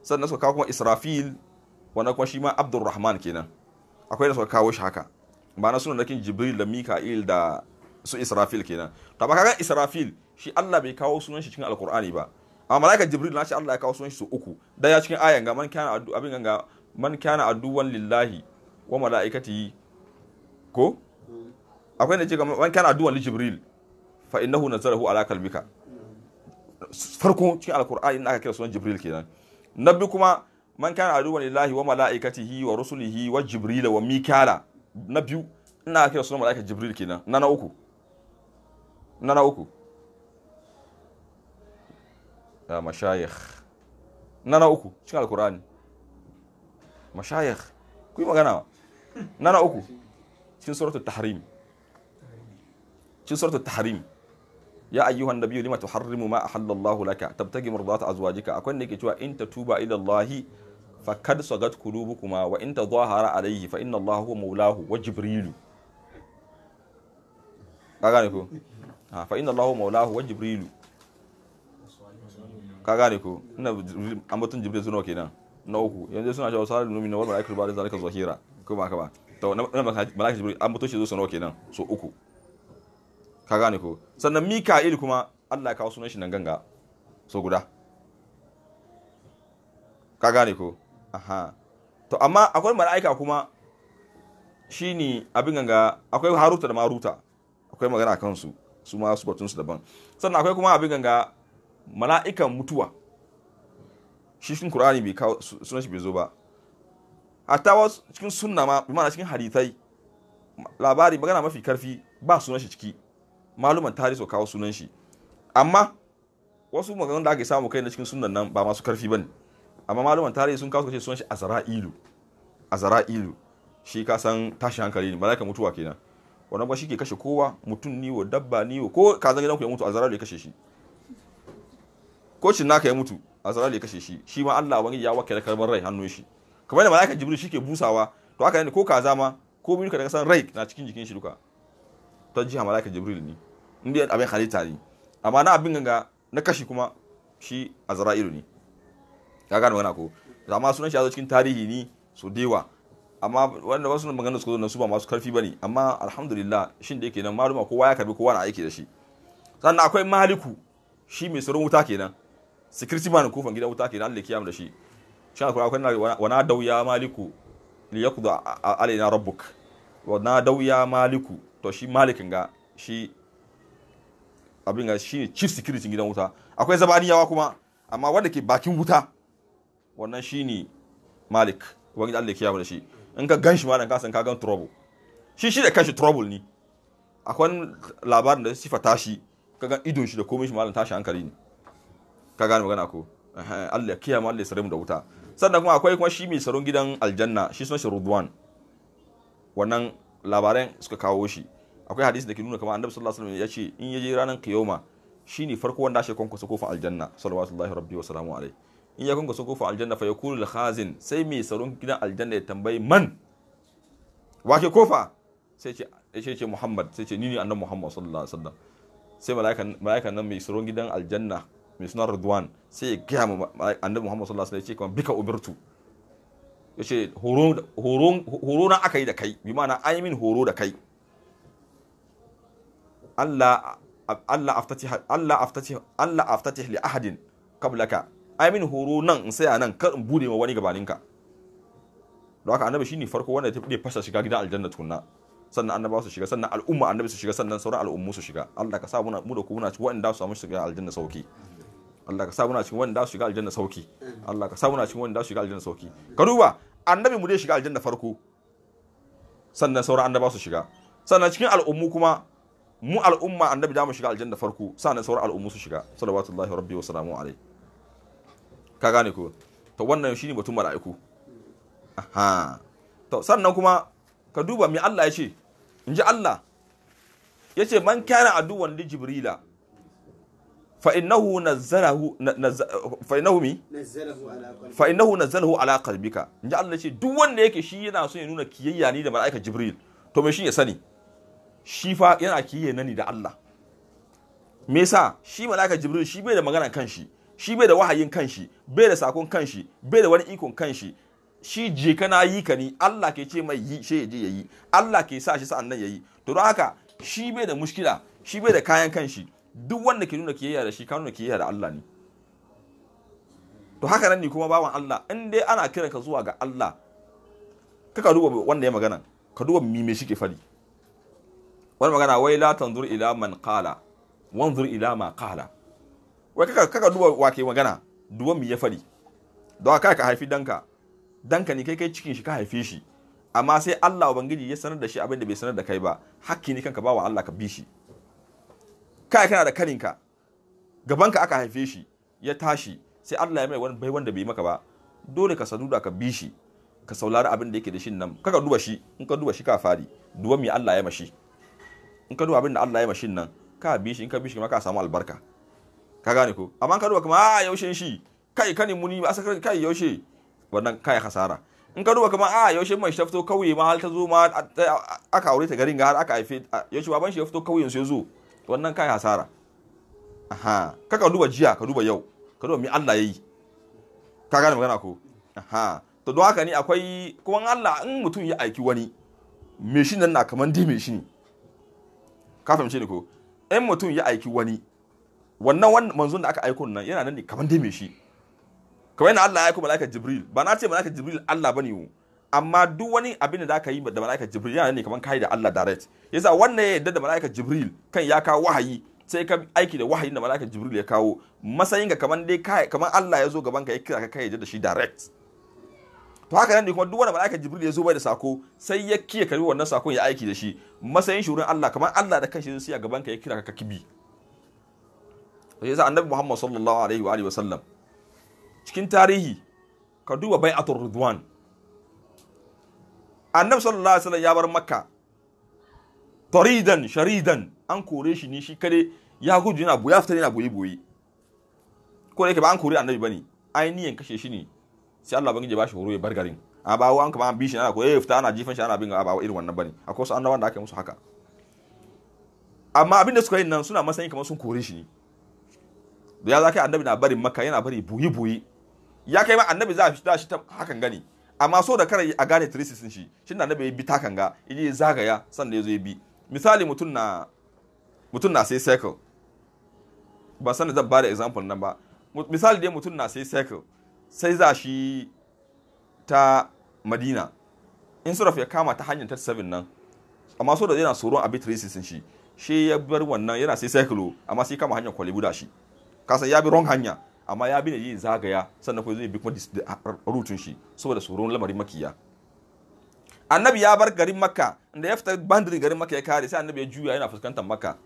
sannan suka kawo kuma israfil wannan kuma shi ma abdurrahman kenan akwai da suka kawo shi haka ba na sunan dakin jibril da mika'il da su israfil kenan to ba kaga israfil shi Allah bai kawo sunan shi cikin alkur'ani ba amma malaika jibril na shi Allah ya kawo sunan shi su uku da ya cikin ayan ga man kana addu abin ga man kana adduwan lillahi wa malaikatihi ko akwai ne ce man kana adduwan li jibril fa innahu nazarahu ala kalbika farko cikin alqur'ani in aka kira sunan jibril kenan nabi kuma man kana adduwan lillahi wa malaikatihi wa rusulihi wa jibril wa mikala na biyu ina kira sunan malaika jibril kenan na na uku na na uku Ah, mashayikh Nana uku cikin alkur'ani mashayikh ku yi magana na Nana uku cikin suratul tahrim cikin suratul tahrim ya ayyuhan nabiyyu lima tuharrimu ma ahallallahu laka tabtagi murdata azwajika akwai ne yake cewa in ta tatuba ila allahi fakad sagat qulubukuma wa in tadhahara alayhi fa inna allaha huwa maulahu wa jibrilu ka gane ko ah, fa inna allaha maulahu wa jibrilu ka gane ko ina ambaton jibril suna kenan na uku yanzu suna cewa salil mu'min wal malaikatu da zalika zahira ko ba ka ba to na malaikatu jibril ambaton shi zo suna kenan so uku ka gane ko sannan mika'il kuma Allah ya kawo sunan shi nan ganga so guda ka gane ko aha to amma akwai mala'ika kuma shi ne abin ganga akwai haruta da maruta akwai magana a kansu su ma su batunsu daban sannan akwai kuma abin ganga mala'ikan mutuwa shi cikin kurani bai kawo sunan shi bai zo ba hatta wasu cikin sunna ma bi cikin hadithai labari magana mafi karfi ba sunan shi ciki maluman tarihi su kawo sunan shi amma wasu maganganun da ake samu kai na cikin sunan nan ba masu karfi bane amma maluman tarihi sun kawo suka ce sunan shi azra'ilu azra'ilu shi ka san tashi hankali ne mala'ikan mutuwa kenan wannan ba shi ke kashe kowa mutum ni wa dabba ni wa ko kazan gidan ku ya mutu azra'ilu ya kashe shi kocin naka ya mutu azrail ya kashe shi shi ma Allah wani ya wakilai karbar rai hannun shi kamar da malaika jibril shike busawa to haka ne ko kaza ma ko mun kada san rai na cikin jikin shi duka ta jiha malaka jibril ne inda abin halitta ne amma na abin ganga na kashi kuma shi azra'ilu ne ka gane magana ko amma sunan shi ya zo cikin tarihi ni so dewa amma wanda wasu magana suka zo na su ba masu karfi bane amma alhamdulillah shin da yake nan maluma kowa ya karbi kowa na aiki da shi sannan akwai maliku shi mai tsaron wuta kenan ba na kofan gidan wuta ke nan da kiyam da shi shi akwai akwai wa na dauya maliku li yaqdu alayna rabbuk wa na dauya maliku to shi malikin ga shi abin ga shi ne chief security gidan wuta akwai zabaniyawa kuma amma wanda ke bakin wuta wannan shi ne malik wani Allah ya da shi in ka gan shi ma ka san ka gan trouble shi shi da kanshi trouble ne akwai labarin da sifata shi ka gan idon shi da komai shi malam tashi hankali ne ka gane magana ko Allah ya kiyama Allah ya sare mu da wuta sannan kuma akwai kuma shi mai tsaron gidan aljanna shi sunan shi Rudwan wannan labaran suka kawo shi akwai hadisi da ke nuna kamar annabi sallallahu alaihi wasallam ya ce in yaje ranar kiyama shine farko wanda shi kwankwasa kofar aljanna sallallahu alaihi rabbi wa salamu alaihi in ya kwankwasa kofar aljanna fa yaqulu al khazin sai mai tsaron gidan aljanna ya tambayi man wake kofa sai ce sai ce Muhammad sai ce ni ne annabi Muhammad sallallahu alaihi wasallam sai mala'ika mala'ikan nan mai tsaron gidan aljanna mai suna Ridwan sai ya gaya ma annabi Muhammad sallallahu alaihi wasallam ya ce bika ubirtu ya ce horo na aka yi da kai bi ma'ana an min horo da kai Allah aftatih li ahadin kablaka ai min horo nan in saya nan kar in bude ma wani gabaninka don haka annabi shine farko wanda ya fasa shiga gidan aljanna tukunna sannan annabawa su shiga sannan al'umma annabi su shiga sannan sauran al'ummu su shiga Allah ka sa mu da ku muna ci wa'anda su samu shiga aljanna sauki Allah ka sa muna cikin wanda su shiga aljanna sauki Allah ka sa muna cikin wanda su shiga aljanna sauki ka duba annabi mu dai shiga aljanna farko sannan sauran annaba su shiga sannan cikin al'ummu kuma mu al'umma annabi da mu shiga aljanna farko sannan sauran al'ummu su shiga sallallahu rabbi wa salamu alaihi ka gane ko to wannan shine batun mala'iku aha to sannan kuma ka duba me Allah ya ce in ji Allah ya ce man kana aduwan da jibrila فإنه نزله نز... فإنه مي فإنه نزله duk wanda yake shi yana so ya nuna kiyayya ni da malaika Jibril to me shi ya sani shi fa yana kiyayya ni da Allah me yasa shi malaika Jibril shi bai da magana kan shi shi bai da wahayin kan shi bai da sakon kan shi bai da wani ikon kan shi shi je na yi ka ni Allah ke ce mai yi shi ya je yayi Allah ke sa shi sa'an nan yayi to don haka shi bai da shi bai da kayan kan shi duk wanda ke nuna kiyayya da shi ka nuna kiyayya da Allah ne to haka nan ne kuma bawan Allah in dai ana kiran ka zuwa ga Allah Ka ka duba wanda ya magana ka duba mi me shike fari wani magana wai la tanzur ila man qala wanzur ila ma qala wai ka ka duba wa ke magana duba mi ya fari. don haka ka haifi danka danka ne kai kai cikin shi ka haife shi amma sai Allah ubangiji ya sanar da shi abin da bai sanar da kai ba hakki ne kanka bawa Allah ka bi shi kai kana da kaninka gabanka aka haife shi ya tashi sai Allah ya mai wani bai wanda bai maka ba dole ka sadu da ka bi shi ka saulari abin da yake da shi nan kaka duba shi in ka duba shi ka fadi duba me Allah ya mashi in ka duba abin da Allah ya mashi nan ka bi shi in ka bi shi ma ka samu albarka ka gane ko amma ka duba kuma a ah, yaushe shi kai kanin muni ba asakar kai yaushe wannan kai hasara in ka duba kamar a ah, yaushe mai shafto ta fito kauye ma har ta zo ma aka aure ta garin ga har aka haife yaushe baban shi ya fito kauyen su ya zo wannan kai hasara aha ka ka duba jiya ka duba yau ka duba me Allah yayi ka gane magana ko aha to don haka ne akwai kuma Allah in mutum ya aiki wani me shi nan na kaman di me shi ne ka fahimce ni ko in mutum ya aiki wani wannan wannan manzon da aka aiko nan yana nan ne kaman di me shi kamar yana Allah ya aiko mala'ika Jibril ba na ce mala'ika Jibril Allah bane amma duk wani abin da za ka yi da mala'ika jibril yana ne kamar kai da Allah direct yasa wannan ya yadda da mala'ika jibril kan ya kawo wahayi sai ka aiki da wahayin da mala'ika jibril ya kawo matsayin ga kamar dai kamar Allah ya zo gaban ka ya kira ka kai yadda shi direct to haka nan ne kuma duk wani mala'ika jibril ya zo bai da sako sai ya kiye kai wannan sakon ya aiki da shi matsayin shi wurin Allah kamar Allah da kanshi sai ya gaban ka ya kira ka kibi to yasa annabi Muhammad sallallahu alaihi wa alihi wasallam cikin tarihi ka duba bai'atul ridwan annabi sallallahu alaihi wasallam ya bar makka taridan sharidan an kore shi ne shi kare ya gudu yana boye fitar yana boye boye ko da yake ba an kore annabi bane ainihin kashe shi ne sai Allah bangije ba shi horo ya bar garin a ba wa an kama an bi shi ana ko eh fita ana jifan shi ana bin ba irin wannan bane akwai wasu annabawan da aka yi musu haka amma abin da suka yi nan suna masani kamar sun kore shi ne da ya za ka annabi na barin makka yana bari buyi buyi ya kai ma annabi za a fita shi ta hakan gani amma so da kar a gane traces din shi na annabi ya bi takanga ga ya zagaya sannan ya zo ya bi misali mutum na mutum na sai cycle ba sanin zan bada example nan ba misali dai mutum na sai cycle sai za shi ta madina in suraf ya kama ta hanyar 37 nan amma so da yana tsoron abin traces din shi shi ya bar wannan yana sai cycle amma sai kama hanyar kwalibu da shi kasan ya bi wrong hanya amma ya bi ne yi zagaya sannan kuma zai bi kuma rutun shi saboda tsoron lamarin makiya annabi ya bar garin makka inda ya fita bandirin garin makka ya kare sai annabi ya juya yana fuskantar makka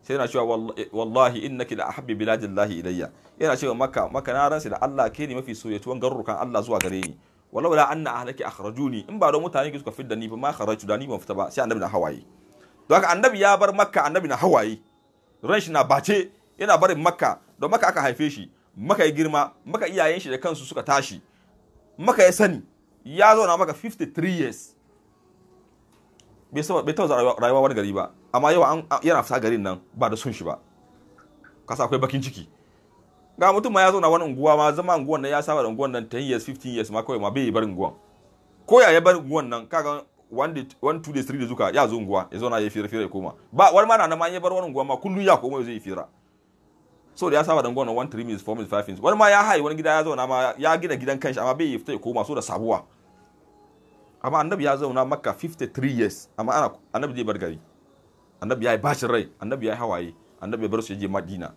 sai yana cewa eh, wallahi innaki la ahabbi biladillahi ilayya yana cewa makka makka na ransa da Allah ke ni mafi soyayyatuwan garurukan Allah zuwa gare ni walau la anna ahlaki akhrajuni in ba don mutane ki suka fidda ni ba ma kharaju da ni ban fita ba sai annabi na hawaye don haka annabi ya bar makka annabi na hawaye ran shi na bace yana barin makka don makka aka haife shi maka yi girma maka iyayen shi da kansu suka tashi maka ya sani ya zauna maka 53 years bai saba bai taba rayuwa wani gari ba amma yau yana fita garin nan ba da son shi ba kasa akwai bakin ciki ga mutum ma ya zauna wani unguwa ma zama unguwan nan ya saba da unguwan nan 10 years 15 years ma kawai ma bai bar unguwan ko ya ya bar unguwan nan kaga one day one two days three days zuka ya zo unguwa ya zauna ya fira fira ya koma ba wani ma na ma ya bar wani unguwa ma kullum ya koma zai fira so da ya saba dangona 1 3 minutes 4 minutes 5 minutes wani ma ya haye wani gida ya zauna ma ya gina gidan kanshi amma bai fita ya koma so da sabuwa amma annabi ya zauna makka 53 years amma ana annabi zai bar gari annabi ya yi bashin rai annabi ya yi hawaye annabi ya bar su je madina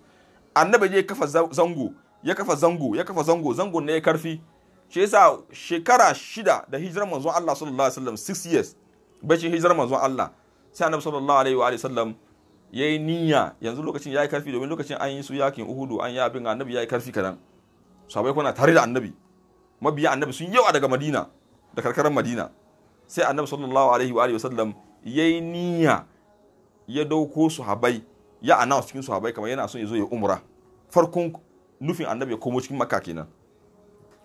annabi ya kafa zango ya kafa zango ya kafa zango zango ne ya karfi shi yasa shekara shida da hijirar manzon Allah sallallahu alaihi wasallam 6 years bai shi hijirar manzon Allah sai annabi sallallahu alaihi wa sallam ya yi niyya yanzu lokacin ya yi karfi domin lokacin an yi su yakin uhudu an yi abin annabi ya yi karfi kadan sahabai kuna tare da annabi mabiya annabi sun yawa daga madina da karkarar madina sai annabi sallallahu alaihi wa sallam ya yi niyya ya dauko habai ya announce cikin habai kamar yana son ya zo ya umra farkon nufin annabi ya komo cikin makka kenan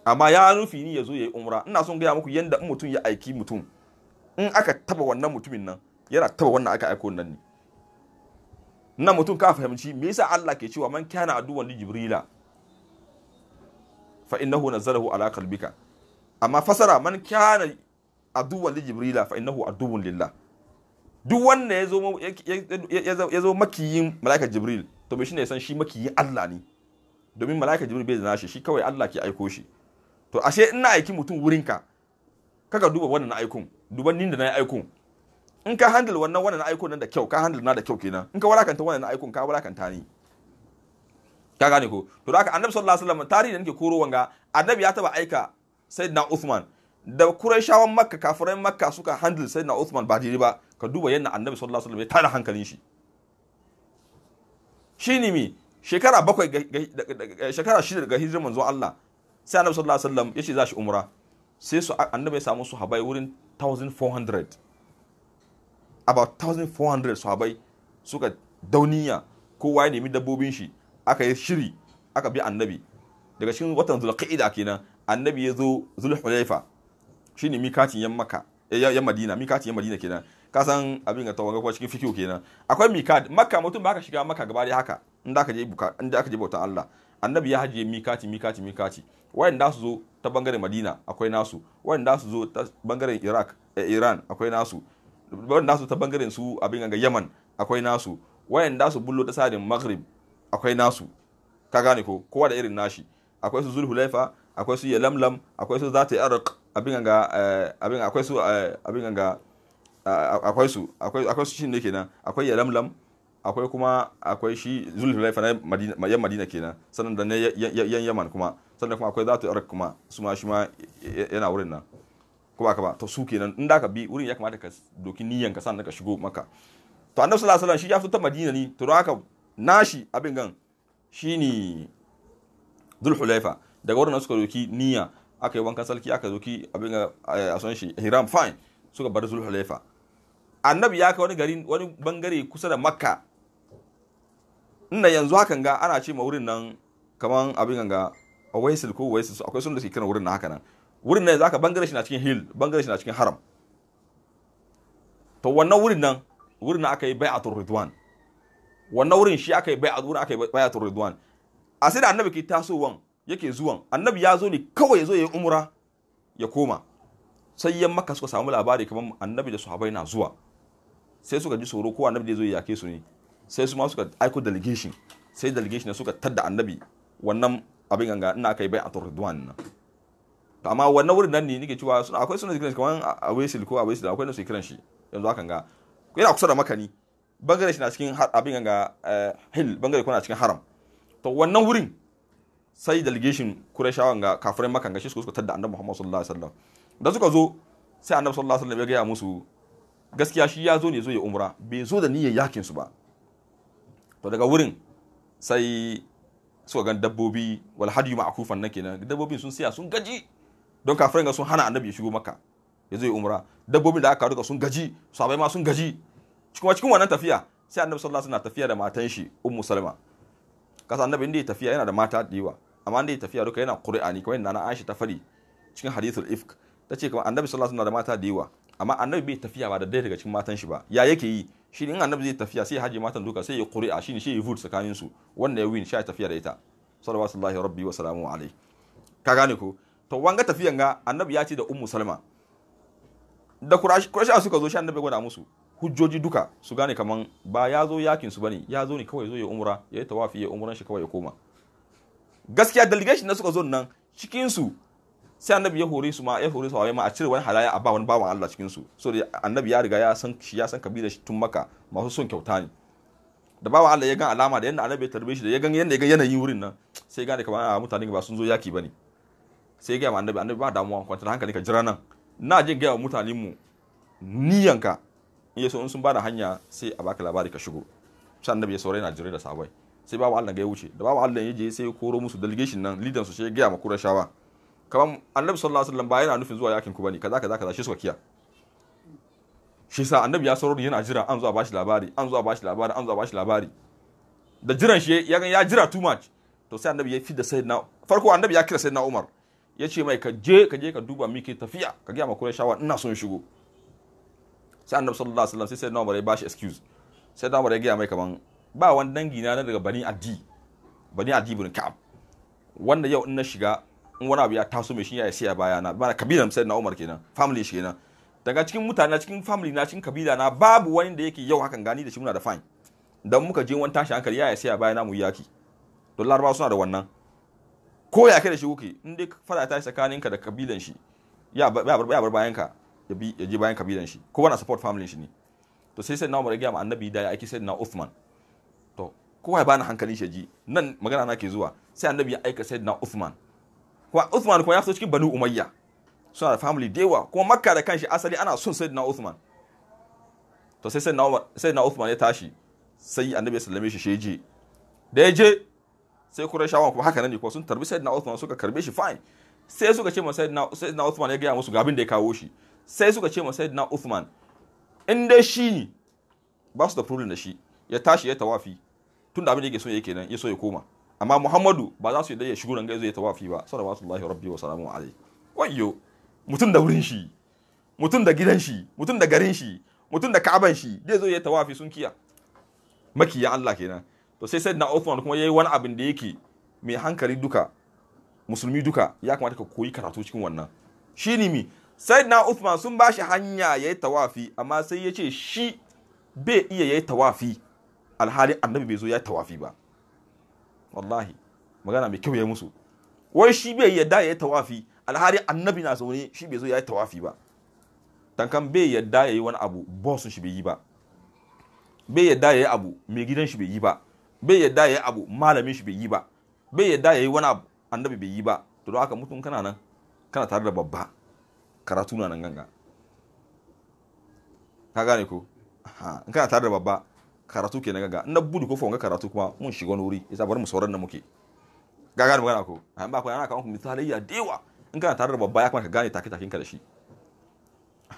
amma ya nufi ni ya zo ya yi umra ina son gaya muku yanda in mutum ya aiki mutum in aka taba wannan mutumin nan yana taba wannan aka aiko nan ne na mutum ka fahimci me yasa Allah ke cewa man kana addu'an li jibrila fa innahu nazzalahu ala qalbika amma fasara man kana addu'an li jibrila fa innahu addu'un lillah duk wanda ya zo ya zo makiyin malaika jibril to me shine ya san shi makiyin Allah ne domin malaika jibril bai zana shi shi kawai Allah ke aiko shi to ashe ina aiki mutum wurinka kaga duba wannan aikun duban nin da na aikun in ka handle wannan wannan aikon nan da kyau ka handle na da kyau kenan in ka walakanta wannan aikon ka walakanta ni ka gane ko to da haka annabi sallallahu alaihi wasallam tarihi da nake koro wanga annabi ya taba aika sayyidina Uthman da Qurayshawan Makka kafirai Makka suka handle sayyidina Uthman ba daidai ba ka duba yadda annabi sallallahu alaihi wasallam ya tara hankalin shi shine mi shekara bakwai shekara shida daga hijirar manzo Allah sai annabi sallallahu alaihi wasallam ya ce za shi umra sai su annabi ya samu su habai wurin 1400 about 1400 sahabai suka dauniya kowa ya nemi dabbobin shi aka yi shiri aka bi annabi daga cikin watan zulqa'ida kenan annabi ya zo zulhulaifa shine mikatin yan makka eh, yan madina mikatin yan madina kenan ka san abin ga tawaga ko cikin fikiyo kenan akwai mikat makka mutum ba ka shiga makka gaba da haka inda aka je buka inda aka je bauta Allah annabi ya haje mikati mikati mikati da su zo ta bangaren madina akwai nasu da su zo ta bangaren iraq eh, iran akwai nasu wannan nasu ta bangaren su abin ga yaman akwai nasu wayan da su bullo ta sadin maghrib akwai nasu ka gane ko kowa da irin nashi akwai su laifa akwai su yalamlam akwai su zata arq abin ga eh, abin akwai su eh, abin ga eh, akwai su akwai akwai su ne kenan akwai yalamlam akwai kuma akwai shi laifa na madina yan madina kenan sannan da yan yaman kuma sannan kuma akwai zata arq kuma su ma shi ma yana wurin nan ko ba ka ba to su kenan in da ka bi wurin ya kamata ka doki niyan ka sannan ka shigo maka to annabi sallallahu alaihi wasallam shi ya fito ta madina ne to haka nashi abin gan shine dhulhulaifa daga wurin suka doki niyya aka yi wankan aka doki abin ga eh, a son shi hiram fine suka bar dhulhulaifa annabi ya kai wani gari wani bangare kusa da makka inda yanzu hakan ga ana ce ma wurin nan kaman abin ga waisil ko waisil akwai sun da suke kiran wurin na haka nan wurin nan zaka bangare shi na cikin hill bangare shi na cikin haram to wannan wurin nan wurin nan aka yi bai'atul ridwan wannan wurin shi aka yi bai wurin aka yi bai'atul ridwan a sai da annabi ke tasowan yake zuwan annabi ya zo ne kawai ya zo ya yi umra ya koma sai yan maka suka samu labari kamar annabi da sahabbai na zuwa sai suka ji tsoro ko annabi zai zo ya yake su ne sai su ma suka aiko delegation sai delegation suka tadda annabi wannan abin ganga ina yi bai a ridwan nan to amma wannan wurin nan ne nake cewa suna akwai suna kiran shi kamar a wesil ko a wesil akwai nasu kiran shi yanzu hakan ga yana kusa da makani bangare shi na cikin abin ga eh, hill bangare kuna cikin haram to wannan wurin sai delegation kurashawa ga kafirai makan ga shi suka tada annabi Muhammad sallallahu alaihi wasallam da suka zo sai annabi sallallahu alaihi wasallam ya gaya musu gaskiya shi ya zo ne zo ya umra bai zo da niyyar yakin su ba to daga wurin sai suka gan dabbobi wal hadiyu ma'kufan nan kenan dabbobin sun siya sun gaji don kafirai ga sun hana annabi ya shigo maka ya zai umra dabbobin da aka duka sun gaji sabai ma sun gaji cikin cikin wannan tafiya sai annabi sallallahu alaihi wasallam tafiya da matan shi ummu salama kasa annabi inda ya tafiya yana da mata da yawa amma inda ya tafiya duka yana qur'ani kamar nana Aisha ta fadi cikin hadithul ifk tace kamar annabi sallallahu alaihi wasallam da mata da yawa amma annabi bai tafiya ba da daya daga cikin matan shi ba ya yake yi shi in annabi zai tafiya sai haji matan duka sai ya qur'a shi ne shi ya vote tsakanin su wanda ya win shi ya tafiya da ita sallallahu alaihi wa sallam ka gane ko to wanga tafiyan ga annabi ya ce da ummu salma da a suka zo shi annabi gwada musu hujjoji duka su gane kaman ba ya zo yakin su bane ya zo ne kawai zo ya umra ya yi tawafi ya umran shi kawai ya koma gaskiya delegation da suka zo nan cikin su sai annabi ya hore su ma ya hore su ma a cire wani halaya a ba wani bawan Allah cikin su so da annabi ya riga ya san shi ya san kabilar shi tun maka masu son kyauta ne da bawan Allah ya gan alama da yanda annabi ya tarbe shi da ya gan yanda ya ga yanayin wurin nan sai gane kamar a ah, mutane ba sun zo yaki bane sai gaya ma annabi annabi ba damuwa da hankali ka jira nan na jin gaya wa mutane mu niyanka in yaso in sun bada hanya sai a baka labari ka shigo sai annabi ya saurayi na jira da sabai sai babu Allah ga ya wuce da babu Allah ya je sai koro musu delegation nan leader su sai gaya ma Qurayshawa kamar annabi sallallahu alaihi wasallam ba yana nufin zuwa yakin ku bane kaza kaza kaza shi suka kiya shi sa annabi ya sauraro yana jira an zuwa bashi labari an zuwa bashi labari an zuwa bashi labari da jiran shi ya ya jira too much to sai annabi ya fi da sayyidina farko annabi ya kira sayyidina Umar ya ce mai kaje kaje ka duba mike tafiya ka gaya ma Qurayshawa ina son shigo sai annabi sallallahu alaihi wasallam sai sai Umar ya bashi excuse sai Umar ya gaya mai kaman ba wani dangi na daga Bani addi Bani addi bin Ka'ab wanda yau in na shiga in wani abu ya taso mai shi ya ya baya na bana kabilan sai na Umar kenan family shi kenan daga cikin mutane na cikin family na cikin kabila na babu wani da yake yau hakan gani da shi muna da fine dan muka je wani tashi hankali ya ya baya na mu yaki don larabawa suna da wannan ko ya kai da shi kuke in dai fada ta tsakaninka da kabilan shi ya bar bayan ka ya bi ya je bayan kabilan shi ko wani support family shi ne to sai sai na umar ya ma annabi da ya aiki sai na Uthman to kowa ya bani hankali shi ji nan magana na ke zuwa sai annabi ya aika sai na Uthman kuma Uthman kuma ya fito cikin Banu Umayya suna da family da yawa kuma Makka da kanshi asali ana son sai na Uthman to sai sai na Uthman ya tashi sai annabi ya sallame shi shi je da ya je sai Qurayshawan kuma haka ne ko sun tarbi Sayyidina Uthman suka karbe shi fine sai suka ce ma Sayyidina Sayyidina Uthman ya gaya musu gabin da ya kawo shi sai suka ce ma Sayyidina Uthman in dai shi ne ba su da problem da shi ya tashi ya tawafi tun da abin da yake so yake nan ya so ya koma amma Muhammadu ba za su yi da ya shigo nan ga zai tawafi ba sallallahu rabbi wa salamu alaihi wayyo mutum da wurin shi mutum da gidan shi mutum da garin shi mutum da ka'aban shi zai zo ya tawafi sun kiya makiya Allah kenan to sai na Uthman kuma yayi wani abin da yake mai hankali duka musulmi duka ya kamata ka koyi karatu cikin wannan shine mi na Uthman sun bashi hanya yayi tawafi amma sai ya ce shi bai iya yayi tawafi alhali annabi bai zo ya tawafi ba wallahi magana mai kyau ya musu wai shi bai yadda ya yi tawafi alhali annabi na zaune shi bai zo ya yi tawafi ba tankan bai yadda ya yi wani abu bosun shi bai yi ba bai yadda ya yi abu mai gidan shi bai yi ba bai yadda yi abu malamin shi bai yi ba bai yadda yi wani abu annabi bai yi ba to don haka mutum kana nan kana tare da babba karatu na nan ganga ka gane ko in kana tare da babba karatu ke na ganga in na budu ko fonga karatu kuma mun shiga wani wuri yasa bari mu sauran da muke ga gane magana ko an ba ku ana kawo misali da dewa in kana tare da babba ya kuma ka gane take take ka da shi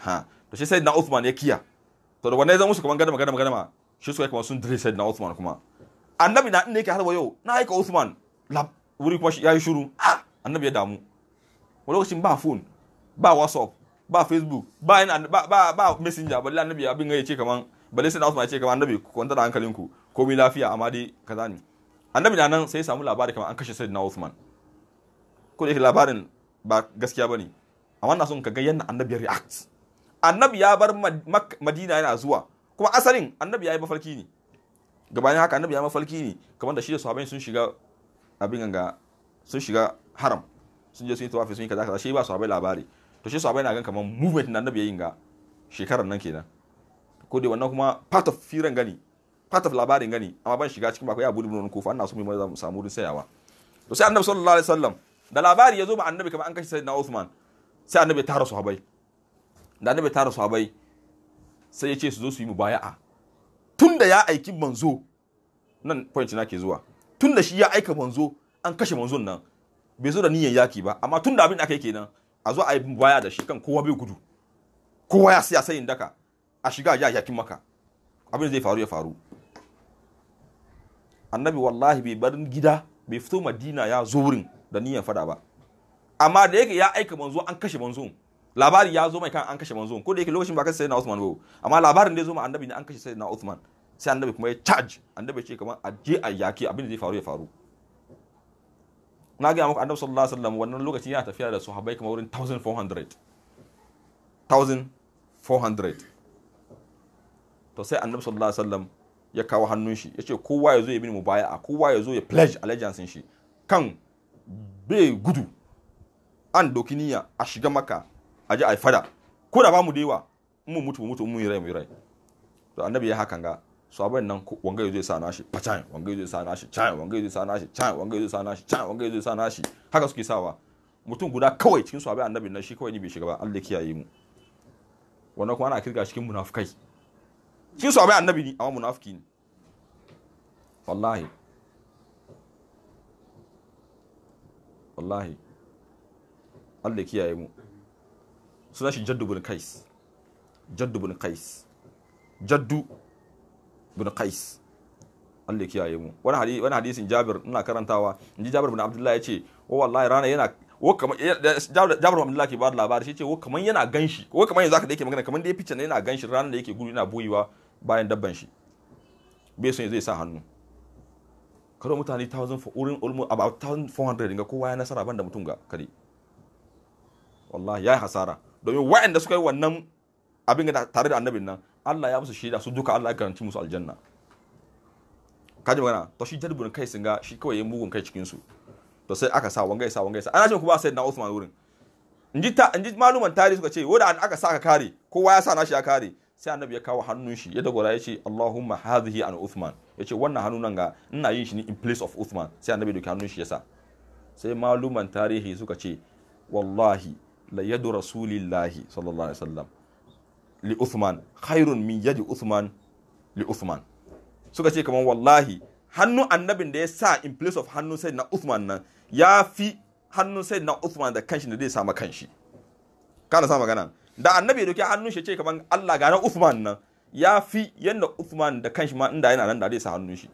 ha to shi sai na Uthman ya kiya to da wannan zan musu kaman gada magana magana shi su suka kuma sun dire sai na Uthman kuma annabi na inda yake har yau na aika Usman lab wuri kuma ya yi shuru annabi ya damu wani lokacin ba phone ba whatsapp ba facebook ba ba ba, ba messenger balle annabi abin ya ce kaman balle sai da Usman ya ce kaman annabi ku kwanta da hankalinku komai lafiya amma dai kaza ne annabi na nan sai ya samu labari kaman an kashe na usman ko da yake labarin ba gaskiya bane amma na son ka ga yanda annabi ya react annabi ya bar madina yana zuwa kuma asalin annabi ya yi mafarki ne gabanin haka annabi ya mafarki ne kamar da shi da sahabbai sun shiga abin ganga sun shiga haram sun je sun yi tawafi sun yi kaza kaza shi ba sahabbai labari to shi sahabbai na gan kamar movement na annabi yayin ga shekarar nan kenan ko dai wannan kuma part of firan gani part of labarin gani amma ban shiga cikin bakwai abu ibn kufa ina so mu mai samu rin sayawa to sai annabi sallallahu alaihi wasallam da labari ya zo ma annabi kamar an kashe sayyidina Uthman sai annabi ya tara sahabbai da annabi ya tara sahabbai sai ya ce su zo su yi mubaya'a tunda ya aiki manzo nan point na ke zuwa tunda shi ya aika manzo an kashe manzon nan bai zo da niyan yaki ba amma tunda abin da aka yi kenan a zo a yi baya da shi kan kowa bai gudu kowa ya siya sayin daka a shiga ya yakin maka abin zai faru ya faru annabi wallahi bai bar gida bai fito madina ya zo wurin da niyan fada ba amma da yake ya aika manzo an kashe manzon labari ya zo mai kan an kashe manzo ko da yake lokacin ba kashe sayyidina Uthman ba amma labarin da ya zo ma annabi ne an kashe sayyidina Uthman sai annabi kuma ya charge annabi ce kamar a je a yaki abin da zai faru ya faru na ga muku annabi sallallahu alaihi wasallam wannan lokacin yana tafiya da sahabbai kamar wurin 1400 1400 to sai annabi sallallahu alaihi wasallam ya kawo hannun shi ya ce kowa ya zo ya bi mu baya a kowa ya zo ya pledge allegiance shi kan bai gudu an doki niyya a shiga maka a ji a fada ko da ba mu da in mu mutu mutu mu yi rai mu yi rai to annabi ya hakan ga abin nan wanga yaje sa nashi facan wanga yaje sa nashi chan wanga yaje sa nashi chan wanga yaje sa nashi chan wanga yaje sa nashi haka suke sawa mutum guda kawai cikin sahabbai annabi nan shi kawai ni bai shiga ba Allah kiyaye mu wannan kuma ana kirga cikin munafikai cikin sahabbai annabi ne amma munafiki ne wallahi wallahi Allah kiyaye mu suna shi jaddu bin kais jaddu bin kais jaddu bin kais Allah ya kiyaye mu wani hadisi wani hadisin Jabir ina karantawa inji Jabir bin Abdullah yace wa oh wallahi rana yana wo kamar Jabir bin Abdullah ke ba da labari shi yace wo kamar yana ganshi wo kamar yanzu aka da yake magana kamar da ya fice ne yana ganshi ranar da yake gudu yana boyewa bayan dabban shi bai son zai sa hannu karo mutane 1000 urin ulmu about 1400 ga kowa ya nasara banda mutum ga kare wallahi yayi hasara domin waɗanda suka yi wannan abin da tare da annabin nan Allah ya musu shaida su duka Allah ya karanci musu aljanna kaji magana to shi jadbun kai sun ga shi kawai ya mugun kai cikin su to sai aka sa wanga ya sa wanga ya sa ana cewa kuma sai na Uthman wurin inji ta inji maluman tarihi suka ce wanda aka sa ka kare kowa ya sa nashi ya kare sai annabi ya kawo hannun shi ya dagora ya ce Allahumma hadhihi an Uthman ya ce wannan hannun nan ga ina yin shi ne in place of Uthman sai annabi ya doki hannun shi ya sa sai maluman tarihi suka ce wallahi la yadu rasulillahi sallallahu alaihi wasallam li Uthman khairun min yadi Uthman li Uthman suka ce kamar wallahi Hannu annabin da ya sa in place of hannun sai na Uthman nan ya fi hannun sai na Uthman da kanshi da zai sama kanshi kana sa magana da annabi ya doki hannun shi ce kamar Allah ga na Uthman nan ya fi yanda Uthman da kanshi ma inda yana nan da zai sa hannun shi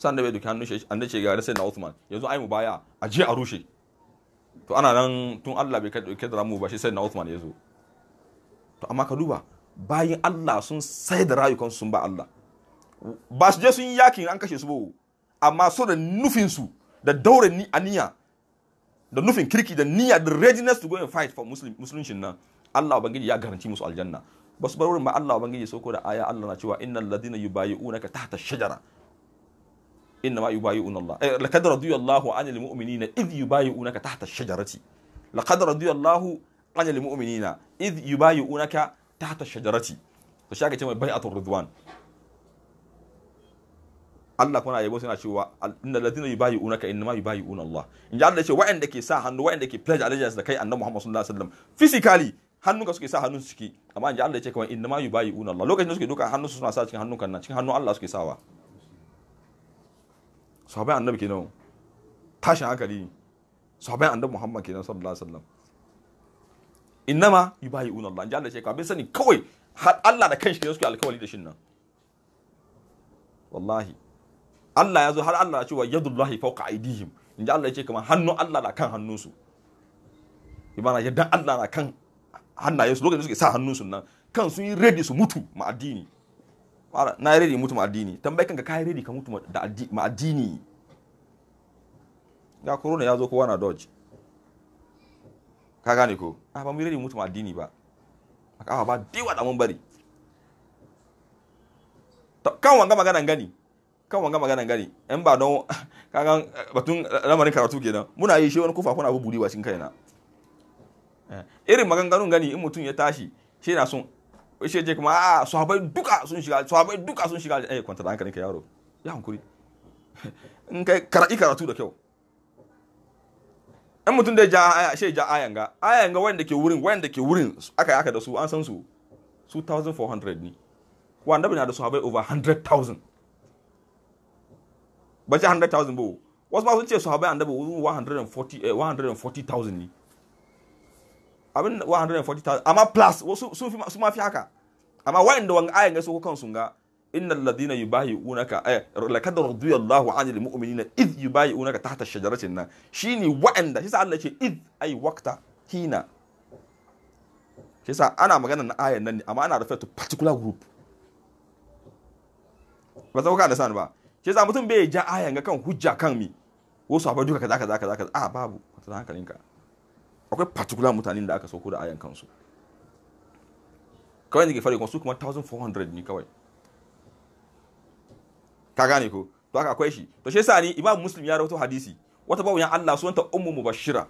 san da bai doki hannun shi annabi ce ga sai na Uthman yanzu ai mu baya a je a rushe to ana nan tun Allah bai da ramu ba shi sai na Uthman ya zo to amma ka duba bayan Allah sun sai da rayukansu sun ba Allah ba su je sun yi yakin an kashe su ba amma so da nufin su da daure ni aniya da nufin kirki da niyya da readiness to go and fight for muslim nan Allah ubangiji ya garanci musu aljanna basu bar wurin ba Allah ubangiji sauko da aya Allah na cewa innal ladina ka tahta shajara inna ma yubayi'un Allah laqad radiyallahu 'anil mu'minina idh yubayi'unaka tahta ash-shajarati laqad radiyallahu 'anil mu'minina idh yubayi'unaka tahta ash-shajarati to shi aka ce mai bai'atul ridwan Allah kuma yabo suna cewa inna ladina yubayi'unaka inna ma yubayi'un Allah in ji Allah ce wa'anda ke sa hannu wa'anda ke pledge allegiance da kai annabi Muhammad sallallahu alaihi wasallam physically ka suke sa hannun su ciki amma in ja Allah ya ce kawai inna ma yubayi'un Allah lokacin da suke duka hannun su suna sa cikin hannunka nan cikin hannun Allah suke sawa sahabai annabi kenan tashin hankali ne sahabai annabi muhammad kenan sallallahu alaihi wasallam innama yubayi'una Allah inji Allah shekara bai sani kawai har Allah da kanshi kenan suke alkawari da shin nan wallahi Allah ya zo har Allah ya ce wa yadullahi fawqa aidihim inji Allah ya ce kamar hannu Allah na kan hannun hannunsu ibana yadda Allah na kan su lokacin da suke sa hannun su nan kan sun yi ready su mutu ma addini na yi mutum mutu ma addini tambayi kanka ka yi redi ka mutu ma addini ga corona ya zo kowa na dodge ka gane ko a ah, ba mu redi mutu ma addini ba a kafa ba diwa da mun bari kan wanga maganan gani kan wanga maganan gani in ba don *laughs* kagan eh, batun eh, lamarin karatu kenan muna yi shi wani kufa kuna abubuwa cikin kaina eh, irin maganganun gani in mutum ya tashi shi na son shi je kuma a sahabai duka sun shiga sahabai duka sun shiga eh kwanta da hankalinka yaro ya hankuri *laughs* in kai karaki karatu da kyau in mutum da ja aya shi ja aya ga aya ga wanda ke wurin wanda ke wurin aka aka da su an san su su 1400 ne ko annabi da sahabai over 100000 ba ce 100000 ba wasu ba sun ce sahabai sahabbai annabi 140000 eh, ne abin 140,000 amma plus wasu su ma fi haka amma wa'anda wanga ayan ga su kan sun ga innal ladina yubayi'unaka ay eh, lakad radiyallahu 'anil mu'minina id yubayi'unaka tahta shajaratin nan shine wa'anda shi sa Allah ce id ay waqta hina shi sa ana magana na ayan nan ne amma ana refer to particular group ba sauka da san ba shi sa mutum bai ja ayan ga kan hujja kan mi wasu abin duka kaza kaza kaza a babu ta hankalinka akwai particular mutanen da aka sauko da ayan kansu kawai ne ke fari kuma su kuma 1400 ne kawai ka gane ko to aka akwai shi to shi yasa ni imam muslim ya rawaito hadisi wata ya Allah sunanta ummu mubashira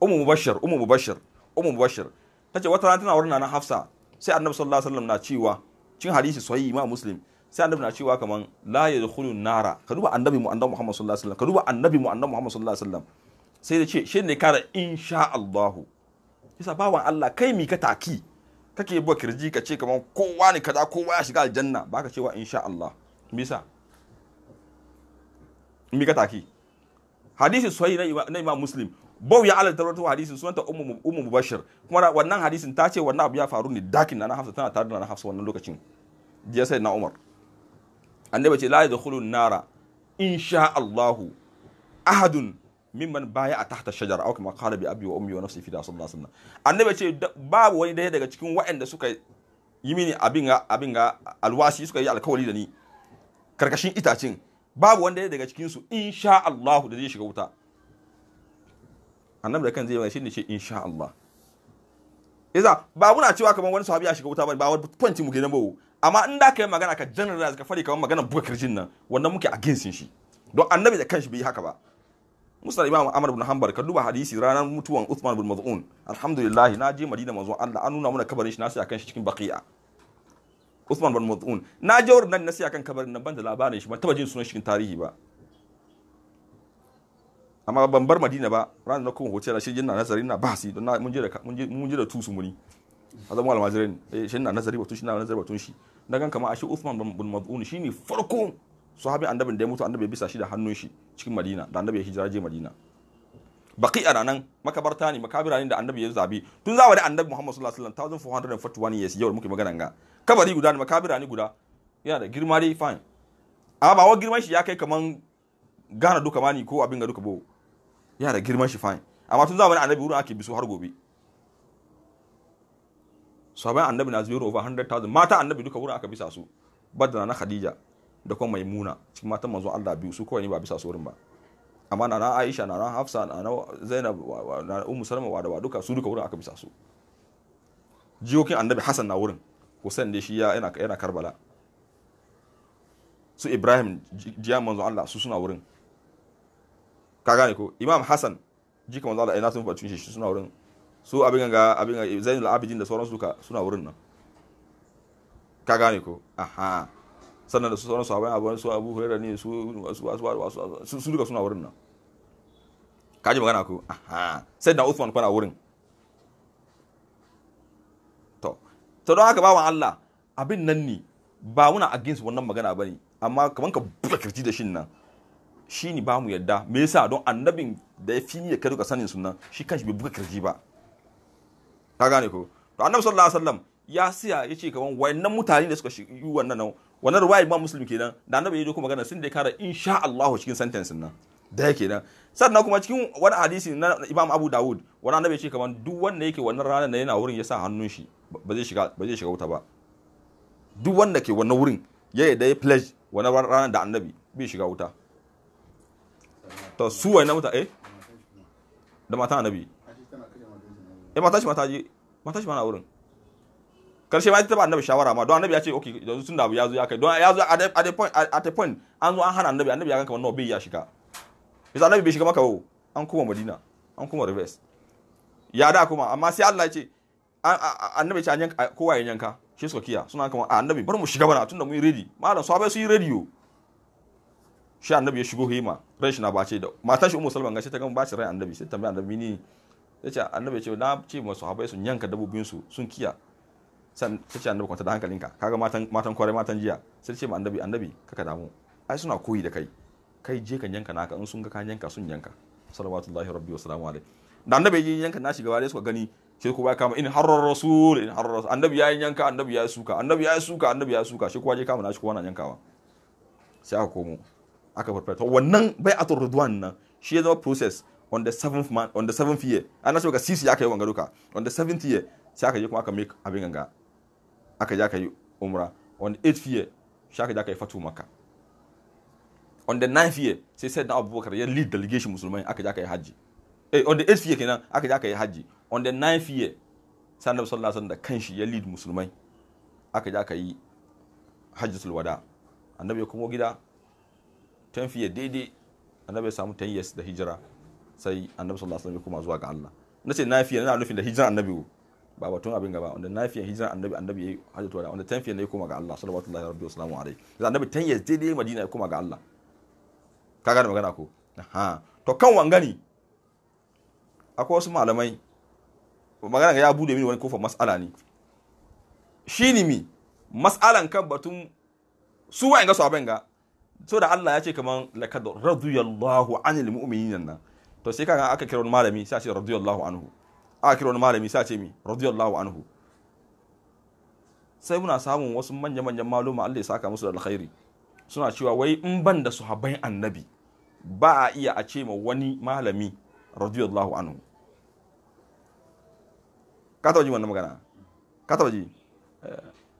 ummu mubashir ummu mubashir ummu mubashir tace wata rana tana wurin nan Hafsa sai annabi sallallahu alaihi wasallam na cewa cin hadisi sahihi imam muslim sai annabi na cewa kaman la yadkhulun nara ka duba annabi mu annabi Muhammad sallallahu alaihi wasallam ka duba annabi mu annabi Muhammad sallallahu alaihi wasallam sai da ce shi ne kara insha Allahu yasa bawan Allah kai mi ka taki kake buwa kirji ka ce kamar kowa ne kaza kowa ya shiga aljanna ba ka cewa insha Allah bisa mi ka taki hadisi sahih na Imam Muslim bau ya alal tarwatu hadisin sunanta ummu ummu mubashir kuma wannan hadisin ta ce wannan abu ya faru ne dakin na Hafsa tana tare da na Hafsa wannan lokacin jiya sai na Umar annabi ce la yadkhulun nara insha Allahu ahadun mimman baya a tahta shajara au kama qala bi abi wa ummi wa nafsi fi sallallahu alaihi annabi ce babu wani daya daga cikin wa'anda suka yi mini abin ga abin ga alwashi suka yi alkawali da ni karkashin itacin babu wanda ya daga cikin su insha Allah da zai shiga wuta annabi da kan zai yi shine ce insha Allah Iza ba muna cewa kamar wani sahabi ya shiga wuta bane ba wani point mu kenan ba amma in da ka yi magana ka generalize ka fari kamar magana buga kirjin nan wannan muke against shi don annabi da kanshi bai yi haka ba musa imam amr ibn hanbal ka duba hadisi ranar mutuwan uthman ibn maz'un alhamdulillah na je madina manzo Allah an nuna mana kabarin shi na sai akan shi cikin baqi'a uthman ibn maz'un na je wurin nan na sai akan kabarin nan ban da labarin shi ban taba jin sunan shi cikin tarihi ba amma ban bar madina ba ranar na kuma hotel shi jinna nazari na basi don mun je da mun je da tusu muni a zama almajirin eh, shi na nazari batun shi na nazari batun shi dan kan kama ashe uthman ibn maz'un shine farko sahabi annabin da ya mutu annabi ya bisa shi da hannun shi cikin madina da annabi ya hijira je madina baki a ranan makabarta ne makabira ne da annabi ya zabi tun za wani annabi muhammad sallallahu alaihi wasallam 1441 years yau muke magana ga kabari guda ne makabira ne guda yana da girma dai fine amma ba wa girman shi ya kai kaman gana duka mani ko abin ga duka bo yana da girman shi fine amma tun za wani annabi wurin ake biso har gobe sahabin annabi na zuwa over 100,000 mata annabi duka wurin aka bisa su badana na khadija da kuma maimuna cikin matan manzon Allah biyu su kawai ne ba bisa sorin ba amma na na Aisha na na Hafsa na na Zainab na Ummu Salma wa da duka su duka wurin aka bisa su jiyokin Annabi Hassan na wurin Hussein dai shi yana yana Karbala su Ibrahim jiya manzon Allah su suna wurin ka gane ko Imam Hassan jika manzon Allah ina sun bacin shi suna wurin su abin ga abin ga Zainul Abidin da sauransu duka suna wurin nan ka gane ko aha sannan da su sauran sahabai abu su abu hurera ne su wasu wasu wasu su duka suna wurin nan ka ji magana ku aha sai da Uthman kwana wurin to to don haka bawan Allah abin nan ne ba muna against wannan magana bane amma kaman ka buka kirji da shin nan shi ne ba mu yadda me yasa don annabin da ya fi ni ka duka sanin sunna shi kanshi bai buka kirji ba ka gane ko to annabi sallallahu alaihi wasallam ya siya yace kaman wayannan mutane da suka shi wannan nan wannan ruwaya imam muslim kenan da annabi ya je kuma magana sun da kara insha Allah cikin sentence nan da yake nan sannan kuma cikin wani hadisi na imam abu dawud wani annabi ya ce kamar duk wanda yake wannan ranar na yana wurin ya sa hannun shi ba zai shiga ba zai shiga wuta ba duk wanda ke wannan wurin ya yi da ya pledge wannan ranar da annabi bai shiga wuta to su wai na wuta eh da mata annabi eh mata shi mata ji mata shi ma na wurin karshe ba ta taba annabi shawara ma don annabi ya ce ok yanzu da abu ya zo ya kai don ya zo at a point at a point an zo an hana annabi annabi ya ganka wannan bai ya shiga bisa annabi bai shiga maka wo an kuma madina an kuma reverse ya da kuma amma sai Allah ya ce annabi ce an yanka kowa ya yanka shi suka kiya suna kama a annabi bar mu shiga bana da mun yi ready malam abai su yi radio shi annabi ya shigo hima ran shi na bace da matan shi ummu salman gashi ta gama bace ran annabi sai tambaya annabi ne ya ce annabi ya ce na ce masu sahabai sun yanka dabbobin sun kiya san ta ce annabi kwanta da hankalinka kaga matan matan kware, matan jiya sai ce ma annabi annabi kaka damu ai suna koyi da kai kai je kan yanka naka in sun ga ka yanka sun yanka sallallahu rabbi wa salamu alaihi da annabi yin yanka nashi gaba dai suka gani Sai kowa ya kama in harar rasul in harar rasul annabi ya yanka annabi ya suka annabi ya suka annabi ya suka shi kuwa je kama nashi kuwa na yankawa sai aka komo aka farfata wannan bai atur ridwan nan shi ya zama process on the seventh man on the seventh year ana so ga sisi aka yi wanga duka on the seventh year sai aka je kuma aka make abin ganga aka je aka yi umra on the 8th year shi aka je aka yi fatu maka on the 9th year sai sayyidina abubakar ya lead delegation musulmai aka je aka yi hajji eh on the 8th year kenan aka je aka yi hajji on the 9th year sai annabi sallallahu alaihi wasallam da kanshi ya lead musulmai aka je aka yi hajjatul wada annabi ya komo gida 10th year daidai annabi ya samu 10 years da hijira sai annabi sallallahu alaihi wasallam ya koma zuwa ga Allah nace na fiye na nufin da hijira annabi ba batun abin gaba wanda fiye hijira annabi annabi yayi hajjatu wada wanda tanfiyan ne koma ga Allah sallallahu alaihi wa sallam alaihi annabi tan ya je dai Madina ya koma ga Allah ka gane magana ko ha to kan wangani akwai wasu malamai magana ga ya bude mini wani kofar mas'ala ne shi ne mi mas'alan kan batun su wa'in ga su abin ga so da Allah ya ce kaman lakad radiyallahu anil mu'minin nan to sai kaga aka kira wani malami sai a ce radiyallahu anhu a kira wani malami sai a ce mi radiyallahu anhu sai muna samun wasu manya manyan maluma Allah ya saka musu da alkhairi suna cewa wai in ban da sahabbai annabi ba a iya a ce ma wani malami radiyallahu anhu ka taba ji wannan magana ka taba ji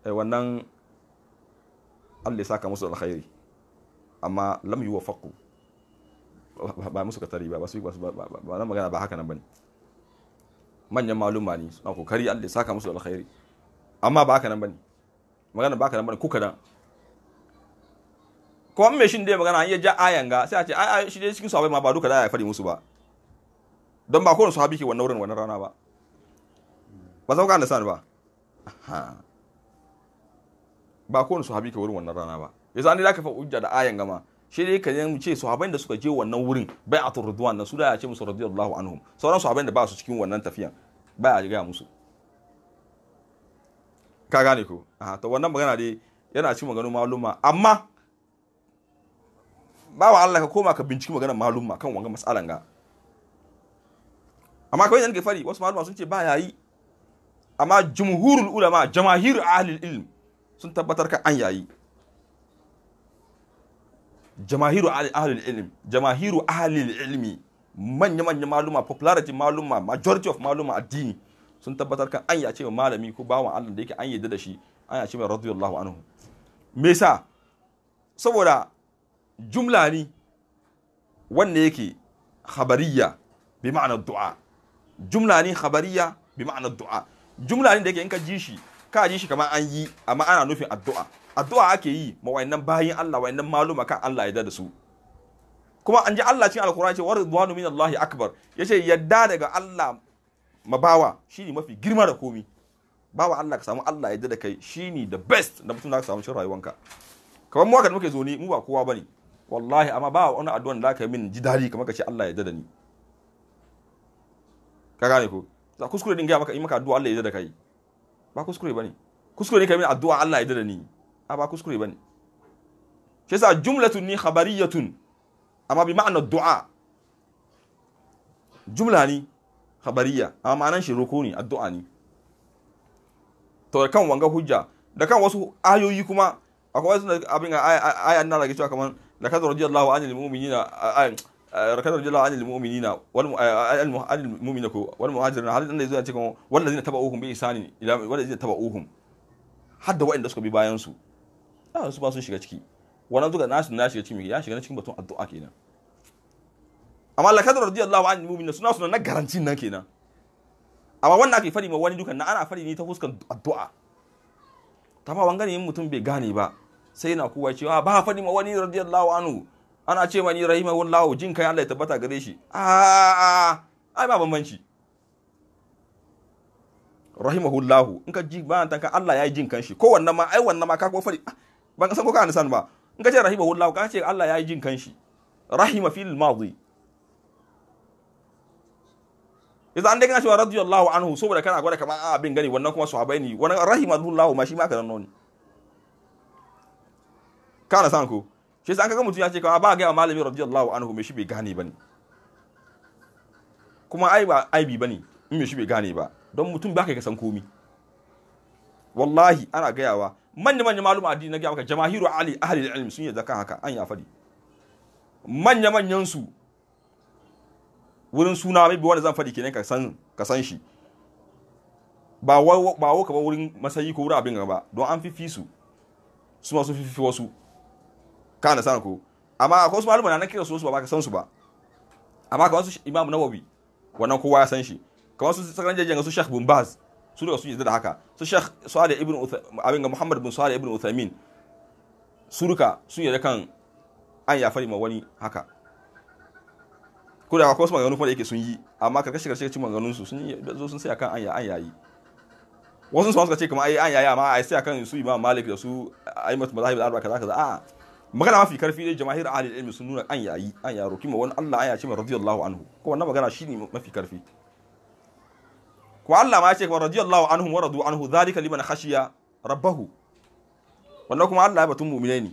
wannan Allah ya saka musu da alkhairi amma lam yuwafaqu ba musu katari ba ba su ba ba magana ba haka nan bane manyan maluma ne suna kokari Allah ya saka musu alkhairi amma ba haka nan bane magana ba haka nan bane kuka dan ko an shin dai magana an yi ja ayan ga sai a ce ai shi dai cikin sahabbai ma ba duka da ya fadi musu ba don ba kowane sahabi ke wannan wurin wannan rana ba ba sauka da san ba ba kowane sahabi ke wurin wannan rana ba yanzu an da zaka fa ujja da ayan ma. shi dai ka mu ce sahabban da suka je wannan wurin bai'atul ridwan nan su da ya ce musu radiyallahu anhum sauran sahabban da ba su cikin wannan tafiyan ba ya ga musu ka gane ko aha to wannan magana dai yana cikin maganar maluma amma ba wa Allah ka koma ka binciki maganar maluma kan wannan mas'alan ga amma kawai yanke fari wasu maluma sun ce ba yayi amma jumhurul ulama jamahir ahli ilm sun tabbatar ka an yayi jamahiru ahalil ilim jamahiru ahalil ilmi manya manya maluma popularity maluma majority of maluma addini sun tabbatar kan an yace malami ko bawan Allah da yake an yarda da shi an yace mai radiyallahu anhu me yasa saboda jumla ne wanda yake khabariya bi ma'ana du'a jumla ne khabariya bi ma'ana du'a jumla ne da yake in ka ji shi ka ji shi kamar an yi amma ana nufin addu'a addu'a ake yi ma wayannan bayin Allah wayannan maluma kan Allah ya da su kuma an ji Allah cikin alkur'ani ce waridwanu min Allah akbar yace yadda daga Allah mabawa shine mafi girma da komi bawa Allah ka samu Allah ya da kai shine the best da mutum da ka samu cikin rayuwanka kamar mu haka muke zo ni mu ba kowa bane wallahi amma ba wani addu'a da ka yi min ji dadi kamar ka ce Allah yadda da ni ka gane ko za kuskure din ga maka in maka addu'a Allah yadda da kai ba kuskure bane kuskure ne ka min addu'a Allah yadda da ni a ba kuskure ba ne shi sa jumlatun ni tun amma bi ma'ana du'a jumla ni khabariya amma ma'anan shi roko ne du'a ni. to da kan wanga hujja da kan wasu ayoyi kuma akwai wasu abin a ayan na rage cewa kamar da kazar rajiyar lawa an ilimin umini na rakan rajiyar lawa an ilimin umini na wani mumi na ko wani muhajirin na halin da zai cikin wanda zai taba uhun bai isa ne wanda zai taba uhun har da waɗanda suka bi bayan su a su ba sun shiga ciki wannan duka nasu na shiga ciki ya shiga cikin batun addu'a kenan amma la kadar radiyallahu anhu mu'minin suna suna na garantin nan kenan amma wannan ake fadi ma wani dukan na ana fadi ne ta fuskan addu'a ta ba wanga ne mutum bai gane ba sai yana kowa cewa ah, ba fadi ma wani radiyallahu anhu ana ce ma ni rahimahullahu jin kai Allah ya tabbata gare shi a ah, a ah, ai ba bambanci rahimahullahu in ka ji bayan tanka Allah ya yi jin kanshi ko wannan ma ai wannan ma ka kuma fari ban san ko ka san ba in ka ce rahimahullahu ka ce Allah ya yi jin kanshi rahima fil madi idan an dai kana cewa radiyallahu anhu saboda kana gwada kamar a ah, abin gani wannan kuma sahabbai ne wannan rahimahullahu ma shi ma ka nan ne kana san ko shi yasa an kaga mutum ya ce kawai ah, ba ga malami radiyallahu anhu me shi bai gane bane kuma ai ba aibi bane in me shi bai gane ba don mutum ba kai ka san komi wallahi ana gayawa manya manya maluma addini na gaya maka jamahiru ali ahli ilmi sun yi kan haka an ya fadi manya manyan su wurin suna mai wanda zan fadi kenan ka san ka san shi ba wa ba wa wurin masayi ko wurin abin gaba don an fifi su su ma sun fifi wasu ka na sana ko amma akwai wasu maluma na kira su ba ka san su ba amma kamar su imamu nawawi wannan kowa ya san shi kamar su sakaran jajen su shekh baz su da su da haka su shekh salih ibn abin ga muhammad bin salih ibn uthaymin suruka sun da kan an ya fari ma wani haka ko da akwai wasu maganganu kuma da yake sun yi amma karkashin karshe cikin maganganun su sun zo sun sai akan an ya an yayi wasu sun suka ce kamar ai an yayi amma ai sai akan su imam malik da su aimat mazahib al-arba kaza kaza a'a magana mafi karfi ne jama'ir ahli ilmi sun nuna an yayi an yaro kima wani Allah an ya ce radiyallahu anhu ko wannan magana shine mafi karfi ko Allah ma ya ce wa radiyallahu anhum wa radu anhu zalika liman khashiya rabbahu wannan kuma Allah ya batun mu'mine ne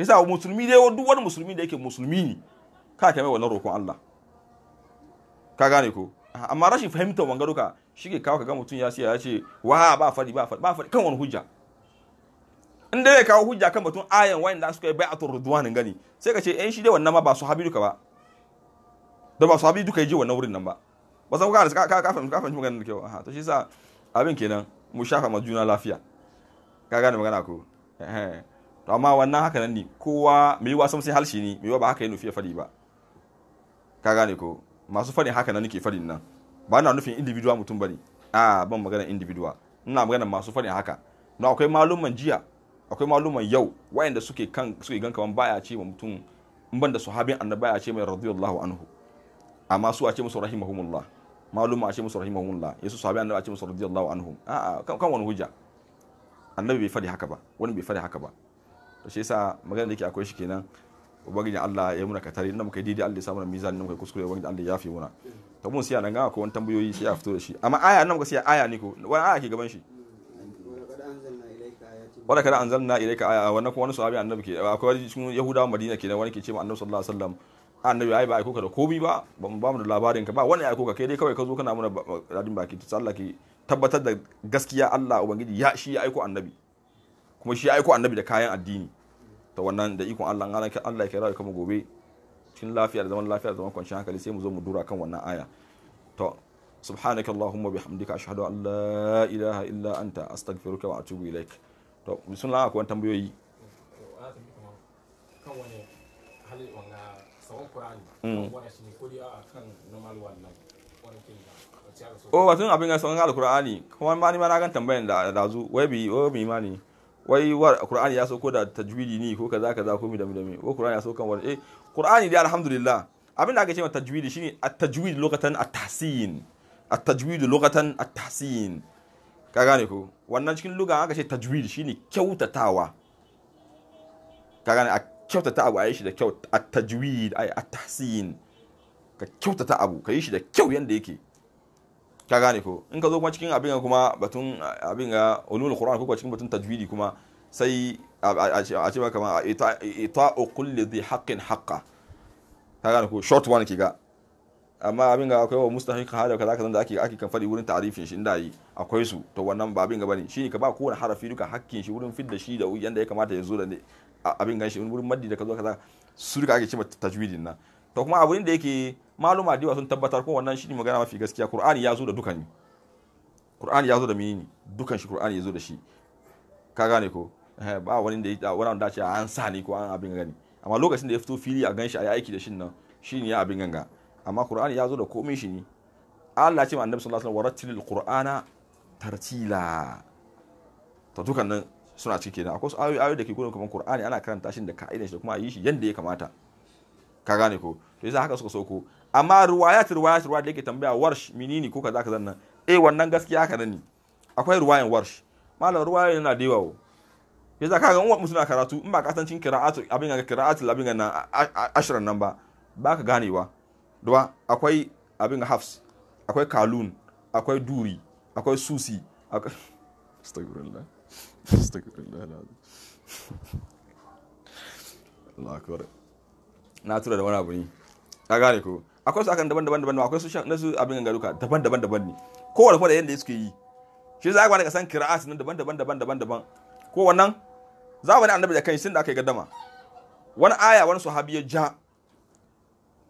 yasa musulmi dai duk wani musulmi da yake musulmi ne ka kai mai wannan roƙon Allah ka gane ko amma rashin fahimtar wanga duka shi ke kawo ga mutum ya siya ya ce wa ba fadi ba fadi ba fadi kan wani hujja in dai ya kawo hujja kan batun ayan wayan da suka yi bai'atul ridwanin gani sai ka ce yan eh, shi dai wannan ma ba su habi duka ba da ba su habi duka je wannan wurin nan ba ba za ku ƙara ka ka fahimci ka fahimci maganar da kyau aha to shi sa abin kenan mu shafa ma juna lafiya ka gane magana ko eh to amma wannan haka nan ne kowa mai yiwa sai halshi ne mai yiwa ba haka yi nufi ya fadi ba ka gane ko masu fadin haka nan nake fadin nan ba na nufin individual mutum bane a ban magana individual ina magana masu fadin haka na akwai malumman jiya akwai malumman yau wayanda suke kan suke gan kaman baya ce mutum in ban da sahabin annabi baya ce mai radiyallahu anhu amma su a ce musu rahimahumullah malum a ce musu rahimahumullah yesu sahabi annabi a ce musu radiyallahu anhum a'a kan wani hujja annabi bai fadi haka ba wani bai fadi haka ba to shi yasa magana da yake akwai shi kenan ubangiji Allah ya muna katari inda muka yi daidai Allah ya samu na mizani muka yi kuskure ubangiji Allah ya fi muna to mun siya nan ga akwai wani tambayoyi sai a fito da shi amma aya nan muka siya aya ne ko wani aya ke gaban shi wanda kada anzalna ilayka aya wannan ko wani sahabi annabi ke akwai wani cikin Yahudawa Madina kenan wani ke ce annabi sallallahu alaihi wasallam annabi ai ba aiko ka da komi ba ba mu ba mu da labarin ka ba wani aiko ka kai dai kawai ka zo kana muna radin baki ta Allah ki tabbatar da gaskiya Allah ubangiji ya shi ya aiko annabi kuma shi ya aiko annabi da kayan addini ta wannan da ikon Allah ngana Allah ya kira da kuma gobe cikin lafiya da zaman lafiya da zaman kwanciyar hankali sai mu zo mu dura kan wannan aya to subhanaka allahumma bihamdika ashhadu an la ilaha illa anta astaghfiruka wa atubu ilaik to bismillah akwai tambayoyi kan wani hali wannan Mm. o oh, batun abin ga sauran alkur'ani kuma ma ni ma na gan tambayan da dazu wai bi wai bi imani wai war ya ya ko da tajwidi ni ko kaza kaza ko mi da mi da mi ko ya so kan eh qur'ani dai alhamdulillah abin da aka ce ma tajwidi shine at-tajwid lokatan at-tahsin at-tajwid lokatan at-tahsin ka gane ko wannan cikin lugan aka ce tajwid shine kyautatawa ka gane kyautata abu a yi shi da kyau a tajwid a tahsin ka kyautata abu ka yi shi da kyau yadda yake ka gane ko in ka zo kuma cikin abin ga kuma batun abin ga ulul qur'an ko cikin batun tajwidi kuma sai a ce kama ma ita'u kulli dhi haqqin haqqa ka gane ko short one ki ga amma abin ga akwai wa mustahiq hada kaza kaza da ake ake kan fadi wurin ta'rifin shi inda yi akwai su to wannan ba abin ga bane shine ka ba kowane harafi duka haƙƙin shi wurin fidda shi da yanda ya kamata ya zo da abin ganshi wurin maddi da kazo kaza su duka ake cewa tajwidin na to kuma abu da yake maluma da sun tabbatar ko wannan shi ne magana mafi gaskiya qur'ani ya zo da dukan qur'ani ya zo da menene dukan shi qur'ani ya zo da shi ka gane ko eh, ba wani da ya wani da ce an sa ni ko an abin gani amma lokacin da ya fito fili a ganshi a yi aiki da shin nan ne ya abin ganga amma qur'ani ya zo da komai shi ne Allah ce ma annabi sallallahu alaihi wasallam warattilil qur'ana tartila to dukan nan suna ciki kenan akwai ayoyi ayoyi da ke gurin kamar Qur'ani ana karanta shi da ka'idan shi da kuma yi shi yanda ya kamata ka gane ko to yasa haka suka sauko amma riwayat riwayat riwayat da yake tambaya warsh menene ko kaza kaza nan eh wannan gaskiya haka nan ne akwai riwayan warsh malam riwayan yana da yawa yasa kaga in mutum na karatu in ba ka san cin qira'atu abin ga qira'atu abin ga nan ashirin nan ba ba ka ganewa duba akwai abin ga hafs akwai kalun akwai duri akwai susi akwai *laughs* astagfirullah Astagfirullah alazim. Allah akbar. Na tura da wani abu ne. Ka gane ko? Akwai su akan daban-daban daban akwai su shan nasu abin gangaruka daban-daban daban ne. Kowane kuma da yanda suke yi. Shi za ka ka san qira'at nan daban-daban daban daban daban. Ko wannan wani annabi da kai sun da aka yi gaddama. Wani aya wani sahabi ya ja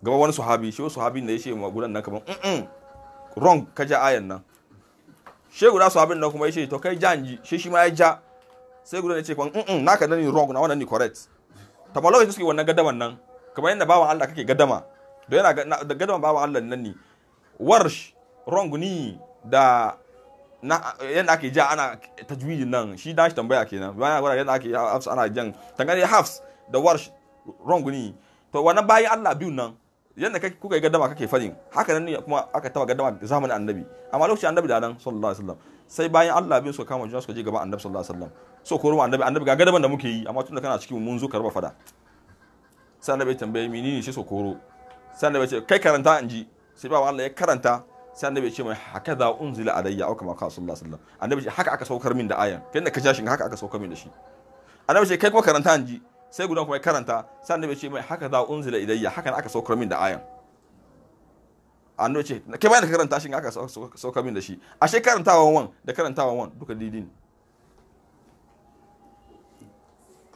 gaba wani sahabi shi wani sahabi ne ya ce ma gudan nan kaman wrong ka ja ayan nan. shi guda su abin nan kuma yace to kai janji shi shi ma ya ja sai guda ce kwan in na ka ni wrong na wannan ni correct Ta ba lokacin suke wannan gadaman nan kamar yadda bawan Allah kake gadama da yana da gadaman bawan Allah nan ne warsh wrong ni da na yadda ake ja ana tajwidin nan shi da shi tambaya kenan bayan gwada yadda ake hafs ana jan tangane hafs da warsh wrong ni to wannan bayan Allah biyu nan yadda kuka yi gaddama kake fadin haka nan ne kuma aka taba gaddama zamanin annabi amma lokacin annabi da nan sallallahu alaihi wasallam sai bayan Allah bai suka kama juna suka je gaban annabi sallallahu alaihi wasallam so ko ruwa annabi annabi ga gaddaban da muke yi amma tunda kana cikin mun zo karba fada sai annabi ya tambaye ne shi koro sai annabi ya ce kai karanta in ji sai ba Allah ya karanta sai annabi ya ce mai haka za unzila alayya aw kama ka sallallahu alaihi wasallam annabi ya ce haka aka saukar min da ayan kai da ka shi haka aka saukar min da shi annabi ya ce kai kuma karanta in ji sai guda kuma ya karanta sai annabi ce mai haka za unzila ilayya haka aka saukar min da ayan annabi ce ke bayan da karanta shi aka saukar min da shi ashe karantawa wan da karantawa wan duka didi ne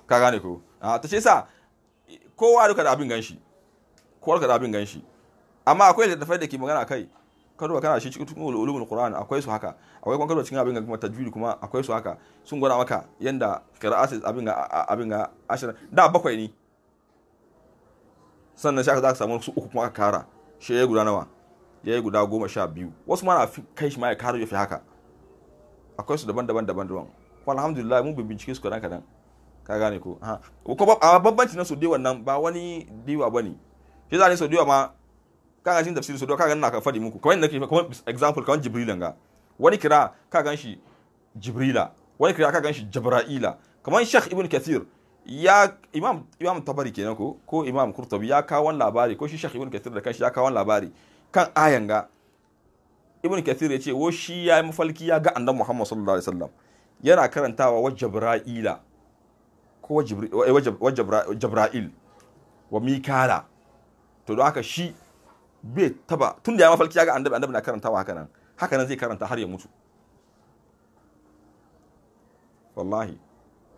ka gane ko a ah, ta ce sa kowa duka da abin ganshi kowa duka da abin ganshi amma akwai tafai da ke magana kai karo kana shi cikin ulumul qur'an akwai su haka akwai kuma karo cikin abin ga kuma tajwid kuma akwai su haka sun gwada maka yanda qira'at abin ga abin ga ashirin da bakwai ne sannan shi aka za ka samu su uku kuma aka kara shi ya guda nawa ya yi guda goma sha biyu wasu ma na kai shi ma ya kara ya fi haka akwai su daban-daban daban-daban alhamdulillah mun bincike su kadan kadan ka gane ko ha ko babbanci na su dai nan ba wani diwa bane shi zane su diwa ma kaga shi tafsir su do kaga ina ka fadi muku kamar nake kamar example kamar jibrila ga wani kira ka gan shi jibrila wani kira ka gan shi jabra'ila kamar sheikh ibn kathir ya imam imam tabari kenan ko ko imam kurtabi ya kawo labari ko shi sheikh ibn kathir da kanshi ya kawo labari kan ayan ga ibn kathir ya ce wo shi ya yi mafalki ya ga annabi muhammad sallallahu alaihi wasallam yana karantawa wa jabra'ila ko wa wa mikala to don haka shi bai taba tun da ya mafarki ya ga annabi annabi na karantawa haka nan haka nan zai karanta har ya mutu wallahi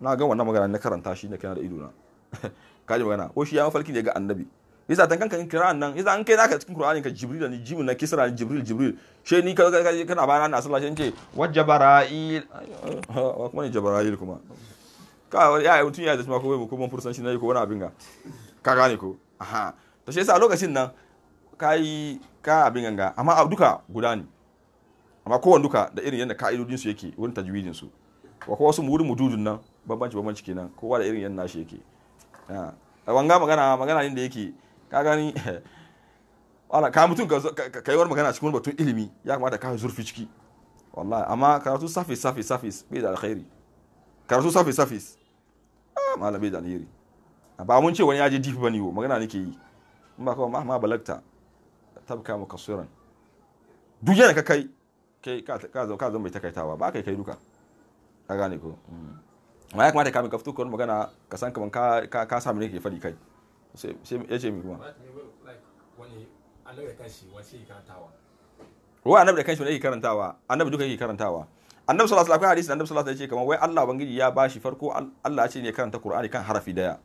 na ga wannan magana na karanta shi ne kana da ido idona *laughs* kaji magana ko shi ya mafarki ne ga annabi yasa dan kanka in kira'an nan yasa an kai naka cikin qur'ani ka jibril ne jibril na kisra ne jibril jibril she ni ka kana bana na sallah shin ce wajabara'il kuma ne jabara'il kuma ka ya mutun ya zama ko ko ban fursan shi ne ko wani abin ga ka gane ko aha to shi yasa lokacin nan ka yi ka abin ganga amma a duka guda ne amma kowane duka da irin yadda ka'idodin su yake wurin tajwidin su wa kowa su wurin mududun nan bambanci bambanci kenan kowa da irin yadda nashi yake a ah, wanga magana magana ne da yake ka gani *laughs* wala ka mutum ka yi wani magana cikin batun ilimi ya kamata ka zurfi ciki wallahi amma karatu safi safi safi bai da alkhairi karatu safi safi ah malam bai da alheri ba mun ce wani ya je difi bane yo magana nake yi in ba kawai ma balagta tabka makasuran duk yana ka kai kai ka zo ka zo mai takaitawa ba kai kai duka ka gane ko mm. ma ya kamata ka mai kaftu ko magana ka san kaman ka ka ka samu ne ke fadi kai sai ya ce mi kuma ruwa annabi da kanshi ne yake karantawa annabi duka yake karantawa annabi sallallahu alaihi wasallam hadisi annabi sallallahu alaihi wasallam ya ce kaman wai Allah bangiji ya bashi farko Allah ya ce ne karanta Qur'ani kan harafi daya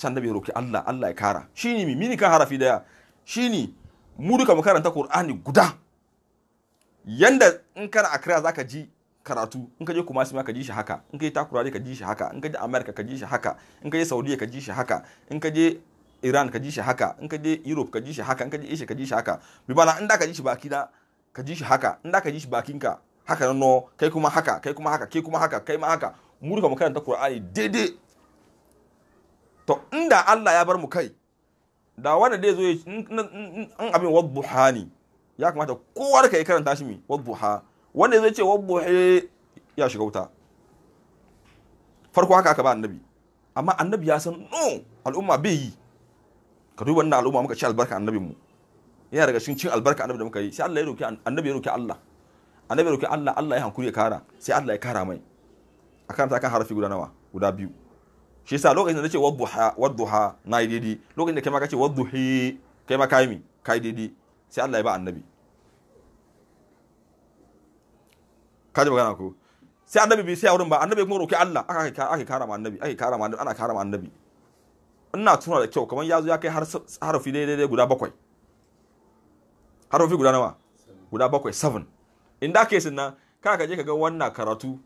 sannan bai roki Allah Allah ya kara shine mi mini kan harafi daya shine mu duka mu karanta Qur'ani guda yanda in kana za zaka ji karatu in ka je Kumasi ma ka ji shi haka in ka je Takura ka ji shi haka in ka je America ka ji shi haka in ka je Saudiya ka ji shi haka in ka je Iran ka ji shi haka in ka je Europe ka ji shi haka in ka je Asia ka ji shi haka bi bana in da ka ji shi baki da ka ji shi haka in da ka ji shi ka haka nan no kai kuma haka kai kuma haka kai kuma haka kai ma haka mu duka mu karanta Qur'ani daidai to inda Allah ya bar mu kai da wanda dai zo in abin wadduha ne ya kamata kowa da kai karanta shi mi wadduha wanda zai ce wadduhi ya shiga wuta farko haka aka ba annabi amma annabi ya san no al'umma bai yi ka duba wannan al'umma muka ci albarka annabin mu yana daga cikin cin albarka annabi da muka yi sai Allah ya roki annabi ya roki Allah annabi ya roki Allah Allah ya hankuri ya kara sai Allah ya kara mai akan ta kan harafi guda nawa guda biyu shi yasa lokacin da nace wadduha wadduha na yi daidai lokacin da kai ma kace wadduhi kai ma kai mi kai daidai sai Allah ya ba annabi ka ji magana ko sai annabi bai sai a wurin ba annabi kuma roki Allah aka aka aka kara ma annabi aka kara ma annabi ana kara ma annabi ina tuna da kyau kamar yazo ya kai har harafi daidai guda bakwai harafi guda nawa guda bakwai 7 in da kesin nan ka ka je ka ga wannan karatu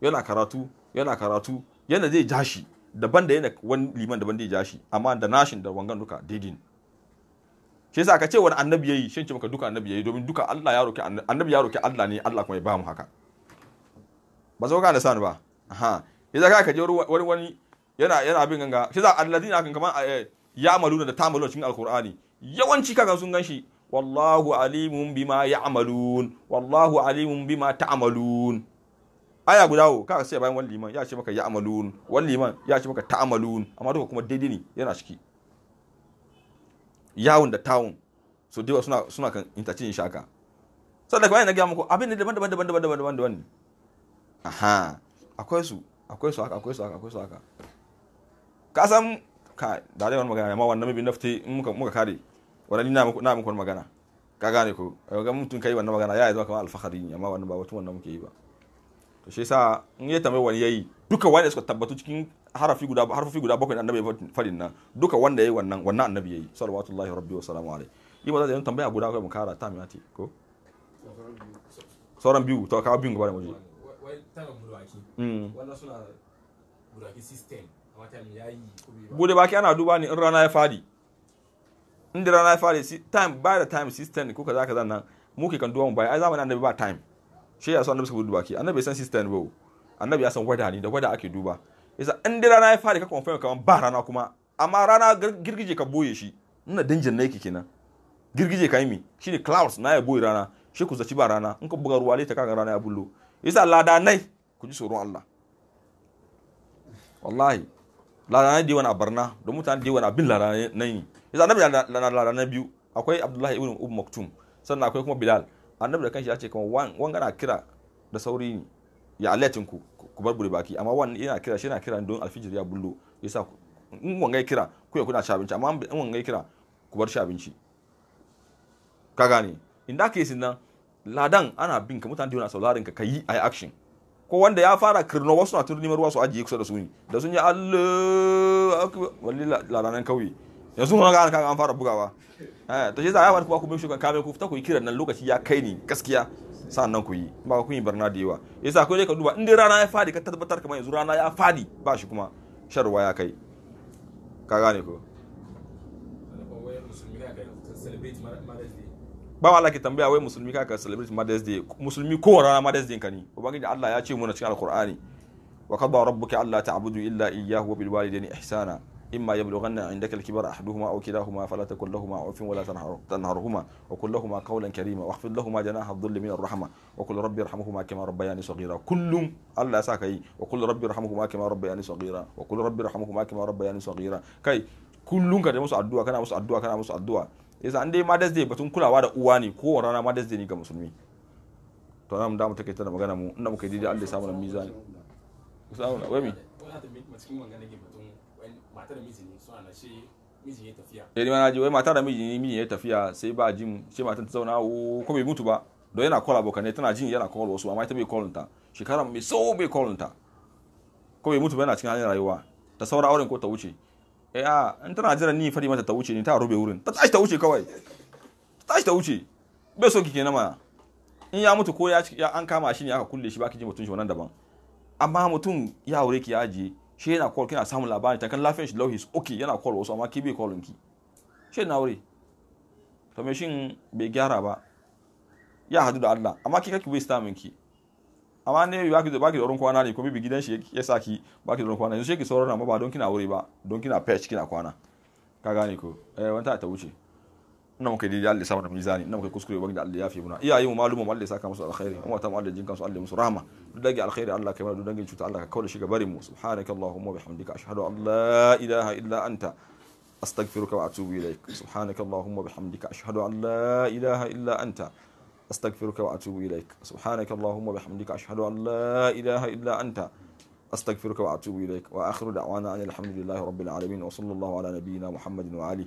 yana karatu yana karatu yana zai ja shi daban da yana wani liman daban da ya shi amma da nashin da wangan duka daidai shi yasa ka ce wani annabi yayi shin ce maka duka annabi yayi domin duka Allah ya roki annabi ya roki Allah ne Allah kuma ya ba mu haka ba zo ka da sani ba aha yasa ka ka je wani wani yana yana bin ganga shi yasa alladina kan kaman eh, ya amaluna da ta'maluna cikin alqur'ani yawanci kaga sun ganshi wallahu alimun bima ya'malun wallahu alimun bima ta'malun aya guda wo ka sai bayan wani liman ya ce maka ya amalun wani liman ya ce maka ta'amalun amma duka kuma daidai ne yana ciki yawun da tawun so dai suna suna kan interchange shi haka sai daga na ga muku abin ne daban daban daban daban daban daban daban aha akwai su akwai su haka akwai su haka akwai su haka ka san ka da dai wani magana amma wannan mabin nafti in muka muka kare wannan na muku na muku magana ka gane ko ga mutun kai wannan magana ya zama kamar alfahari amma wannan ba wato wannan muke yi ba shi yasa in ya tambayi wani yayi duka wanda suka tabbatu cikin harafi guda harfi guda bakwai da annabi farin nan duka wanda yayi wannan wannan annabi yayi sallallahu rabbi wa salamu alaihi yi ba za ta tambaya guda kai mu kara ta miyati ko sauran biyu to kawo biyun gaba da muje mm. bude baki ana duba ne in rana ya fadi in da rana ya fadi time by the time system ko kaza kaza nan muke kan duba mu bai ai zamanin annabi ba time shi ya so annabi saboda ke annabi ya san system ba annabi ya san wada ne da wada ake duba yasa in dai rana ya fadi ka confirm kaman ba rana kuma amma rana girgije ka boye shi ina danger na yake kenan girgije ka yi mi shine clouds na ya boye rana shi ku zaci ba rana in ka buga ruwa ta kaga rana ya bullo yasa nai ku ji tsoron Allah wallahi ladanai da dai wani abarna da mutane dai wani abin nai ne yasa annabi nai biyu akwai Abdullahi ibn Umm Maktum sannan akwai kuma Bilal annabi da kanshi ya ce kuma wanga na kira da sauri ne ya alatin ku ku bar baki amma wannan yana kira shi yana kira don alfijir ya bullo yasa in wanga gai kira ku ya kuna shabinci amma in wanga gai kira ku bar shabinci ka gane in da ke nan ladan ana bin ka mutane da saurarin ka kayi yi action ko wanda ya fara kirno wasu na turni ruwa su ajiye kusa da su ne da sun yi Allah wallahi ladanan kauye yanzu kuma ga kaga an fara bugawa eh to shi za a kuma ku mishi kame ku fita ku yi kiran nan lokaci ya kai ni gaskiya sannan ku yi ba ku yi barna da yawa yasa ko dai ka duba inda rana ya fadi ka tabbatar kamar yanzu rana ya fadi ba shi kuma sharwa ya kai ka gane ko ba wa laki tambaya wai musulmi ka ka celebrate Mother's Day musulmi kowa rana Mother's Day ka ne ubangiji Allah ya ce mu na cikin alqur'ani wa qadara rabbuka alla ta'budu illa iyyahu wa bil walidayni ihsana إما يبلغن عندك الكبر أحدهما أو كلاهما فلا تكن لهما عف ولا تنهرهما وقل لهما قولا كريما واخفض لهما جناح الظل من الرحمة وقل ربي ارحمهما كما ربياني صغيرا كل الله ساكي وقل ربي ارحمهما كما ربياني صغيرا وقل ربي ارحمهما كما ربياني صغيرا كي kullum ka da musu addu'a kana musu addu'a kana musu addu'a yasa an dai mother's day batun kulawa da uwa ne kowace rana mother's day ne ga musulmi to nan da mu take ta da magana mu inda muka yi daidai Allah ya samu na mizani samu na wai mi na ya tafiya eh ji wai mata da miji ne miji ya tafiya sai ba jin sai matan ta zauna o oh, ko bai mutu ba don yana call ne, tana jin yana call wasu amma ita bai call ta shekara mai so bai call ta ko bai mutu ba yana cikin halin rayuwa ta saura auren ko ta wuce eh a in tana jiran ni fari mata ta wuce ni ta rube wurin ta tashi ta wuce kawai ta tashi ta wuce bai so ki kenan mana in ya mutu ko ya an kama shi ne aka kulle shi baki ji mutun shi wannan daban amma mutum ya aure ki ya ajiye shi yana call kina samun labari ta kan lafiyar shi lau his okay yana call wasu amma ki bai ki shi na wuri to me shin bai gyara ba ya hadu da Allah amma ki kake waste time ki amma ne ya ki baki da wurin kwana ne ko bi gidan shi ya sa ki baki da wurin kwana yanzu shi ki saurara amma ba don kina wuri ba don kina patch kina kwana ka gane ko eh wanta ta wuce nan kai daidai Allah ya samu da mizani nan kai kuskure ubangiji Allah ya fi muna iyaye mu malumma Allah ya saka musu alkhairi kuma ta mu Allah jinkan su Allah musu rahma duk dage alkhairi Allah kai mana duk dage cuta Allah ka kawo da shi ga barin mu subhanaka allahumma bihamdika ashhadu an la ilaha illa anta astaghfiruka wa atubu ilaik subhanaka allahumma bihamdika ashhadu an la ilaha illa anta astaghfiruka wa atubu ilaik subhanaka allahumma bihamdika ashhadu an la ilaha illa anta أستغفرك وأتوب إليك وآخر دعوانا أن الحمد لله رب العالمين وصلى الله على نبينا محمد وآله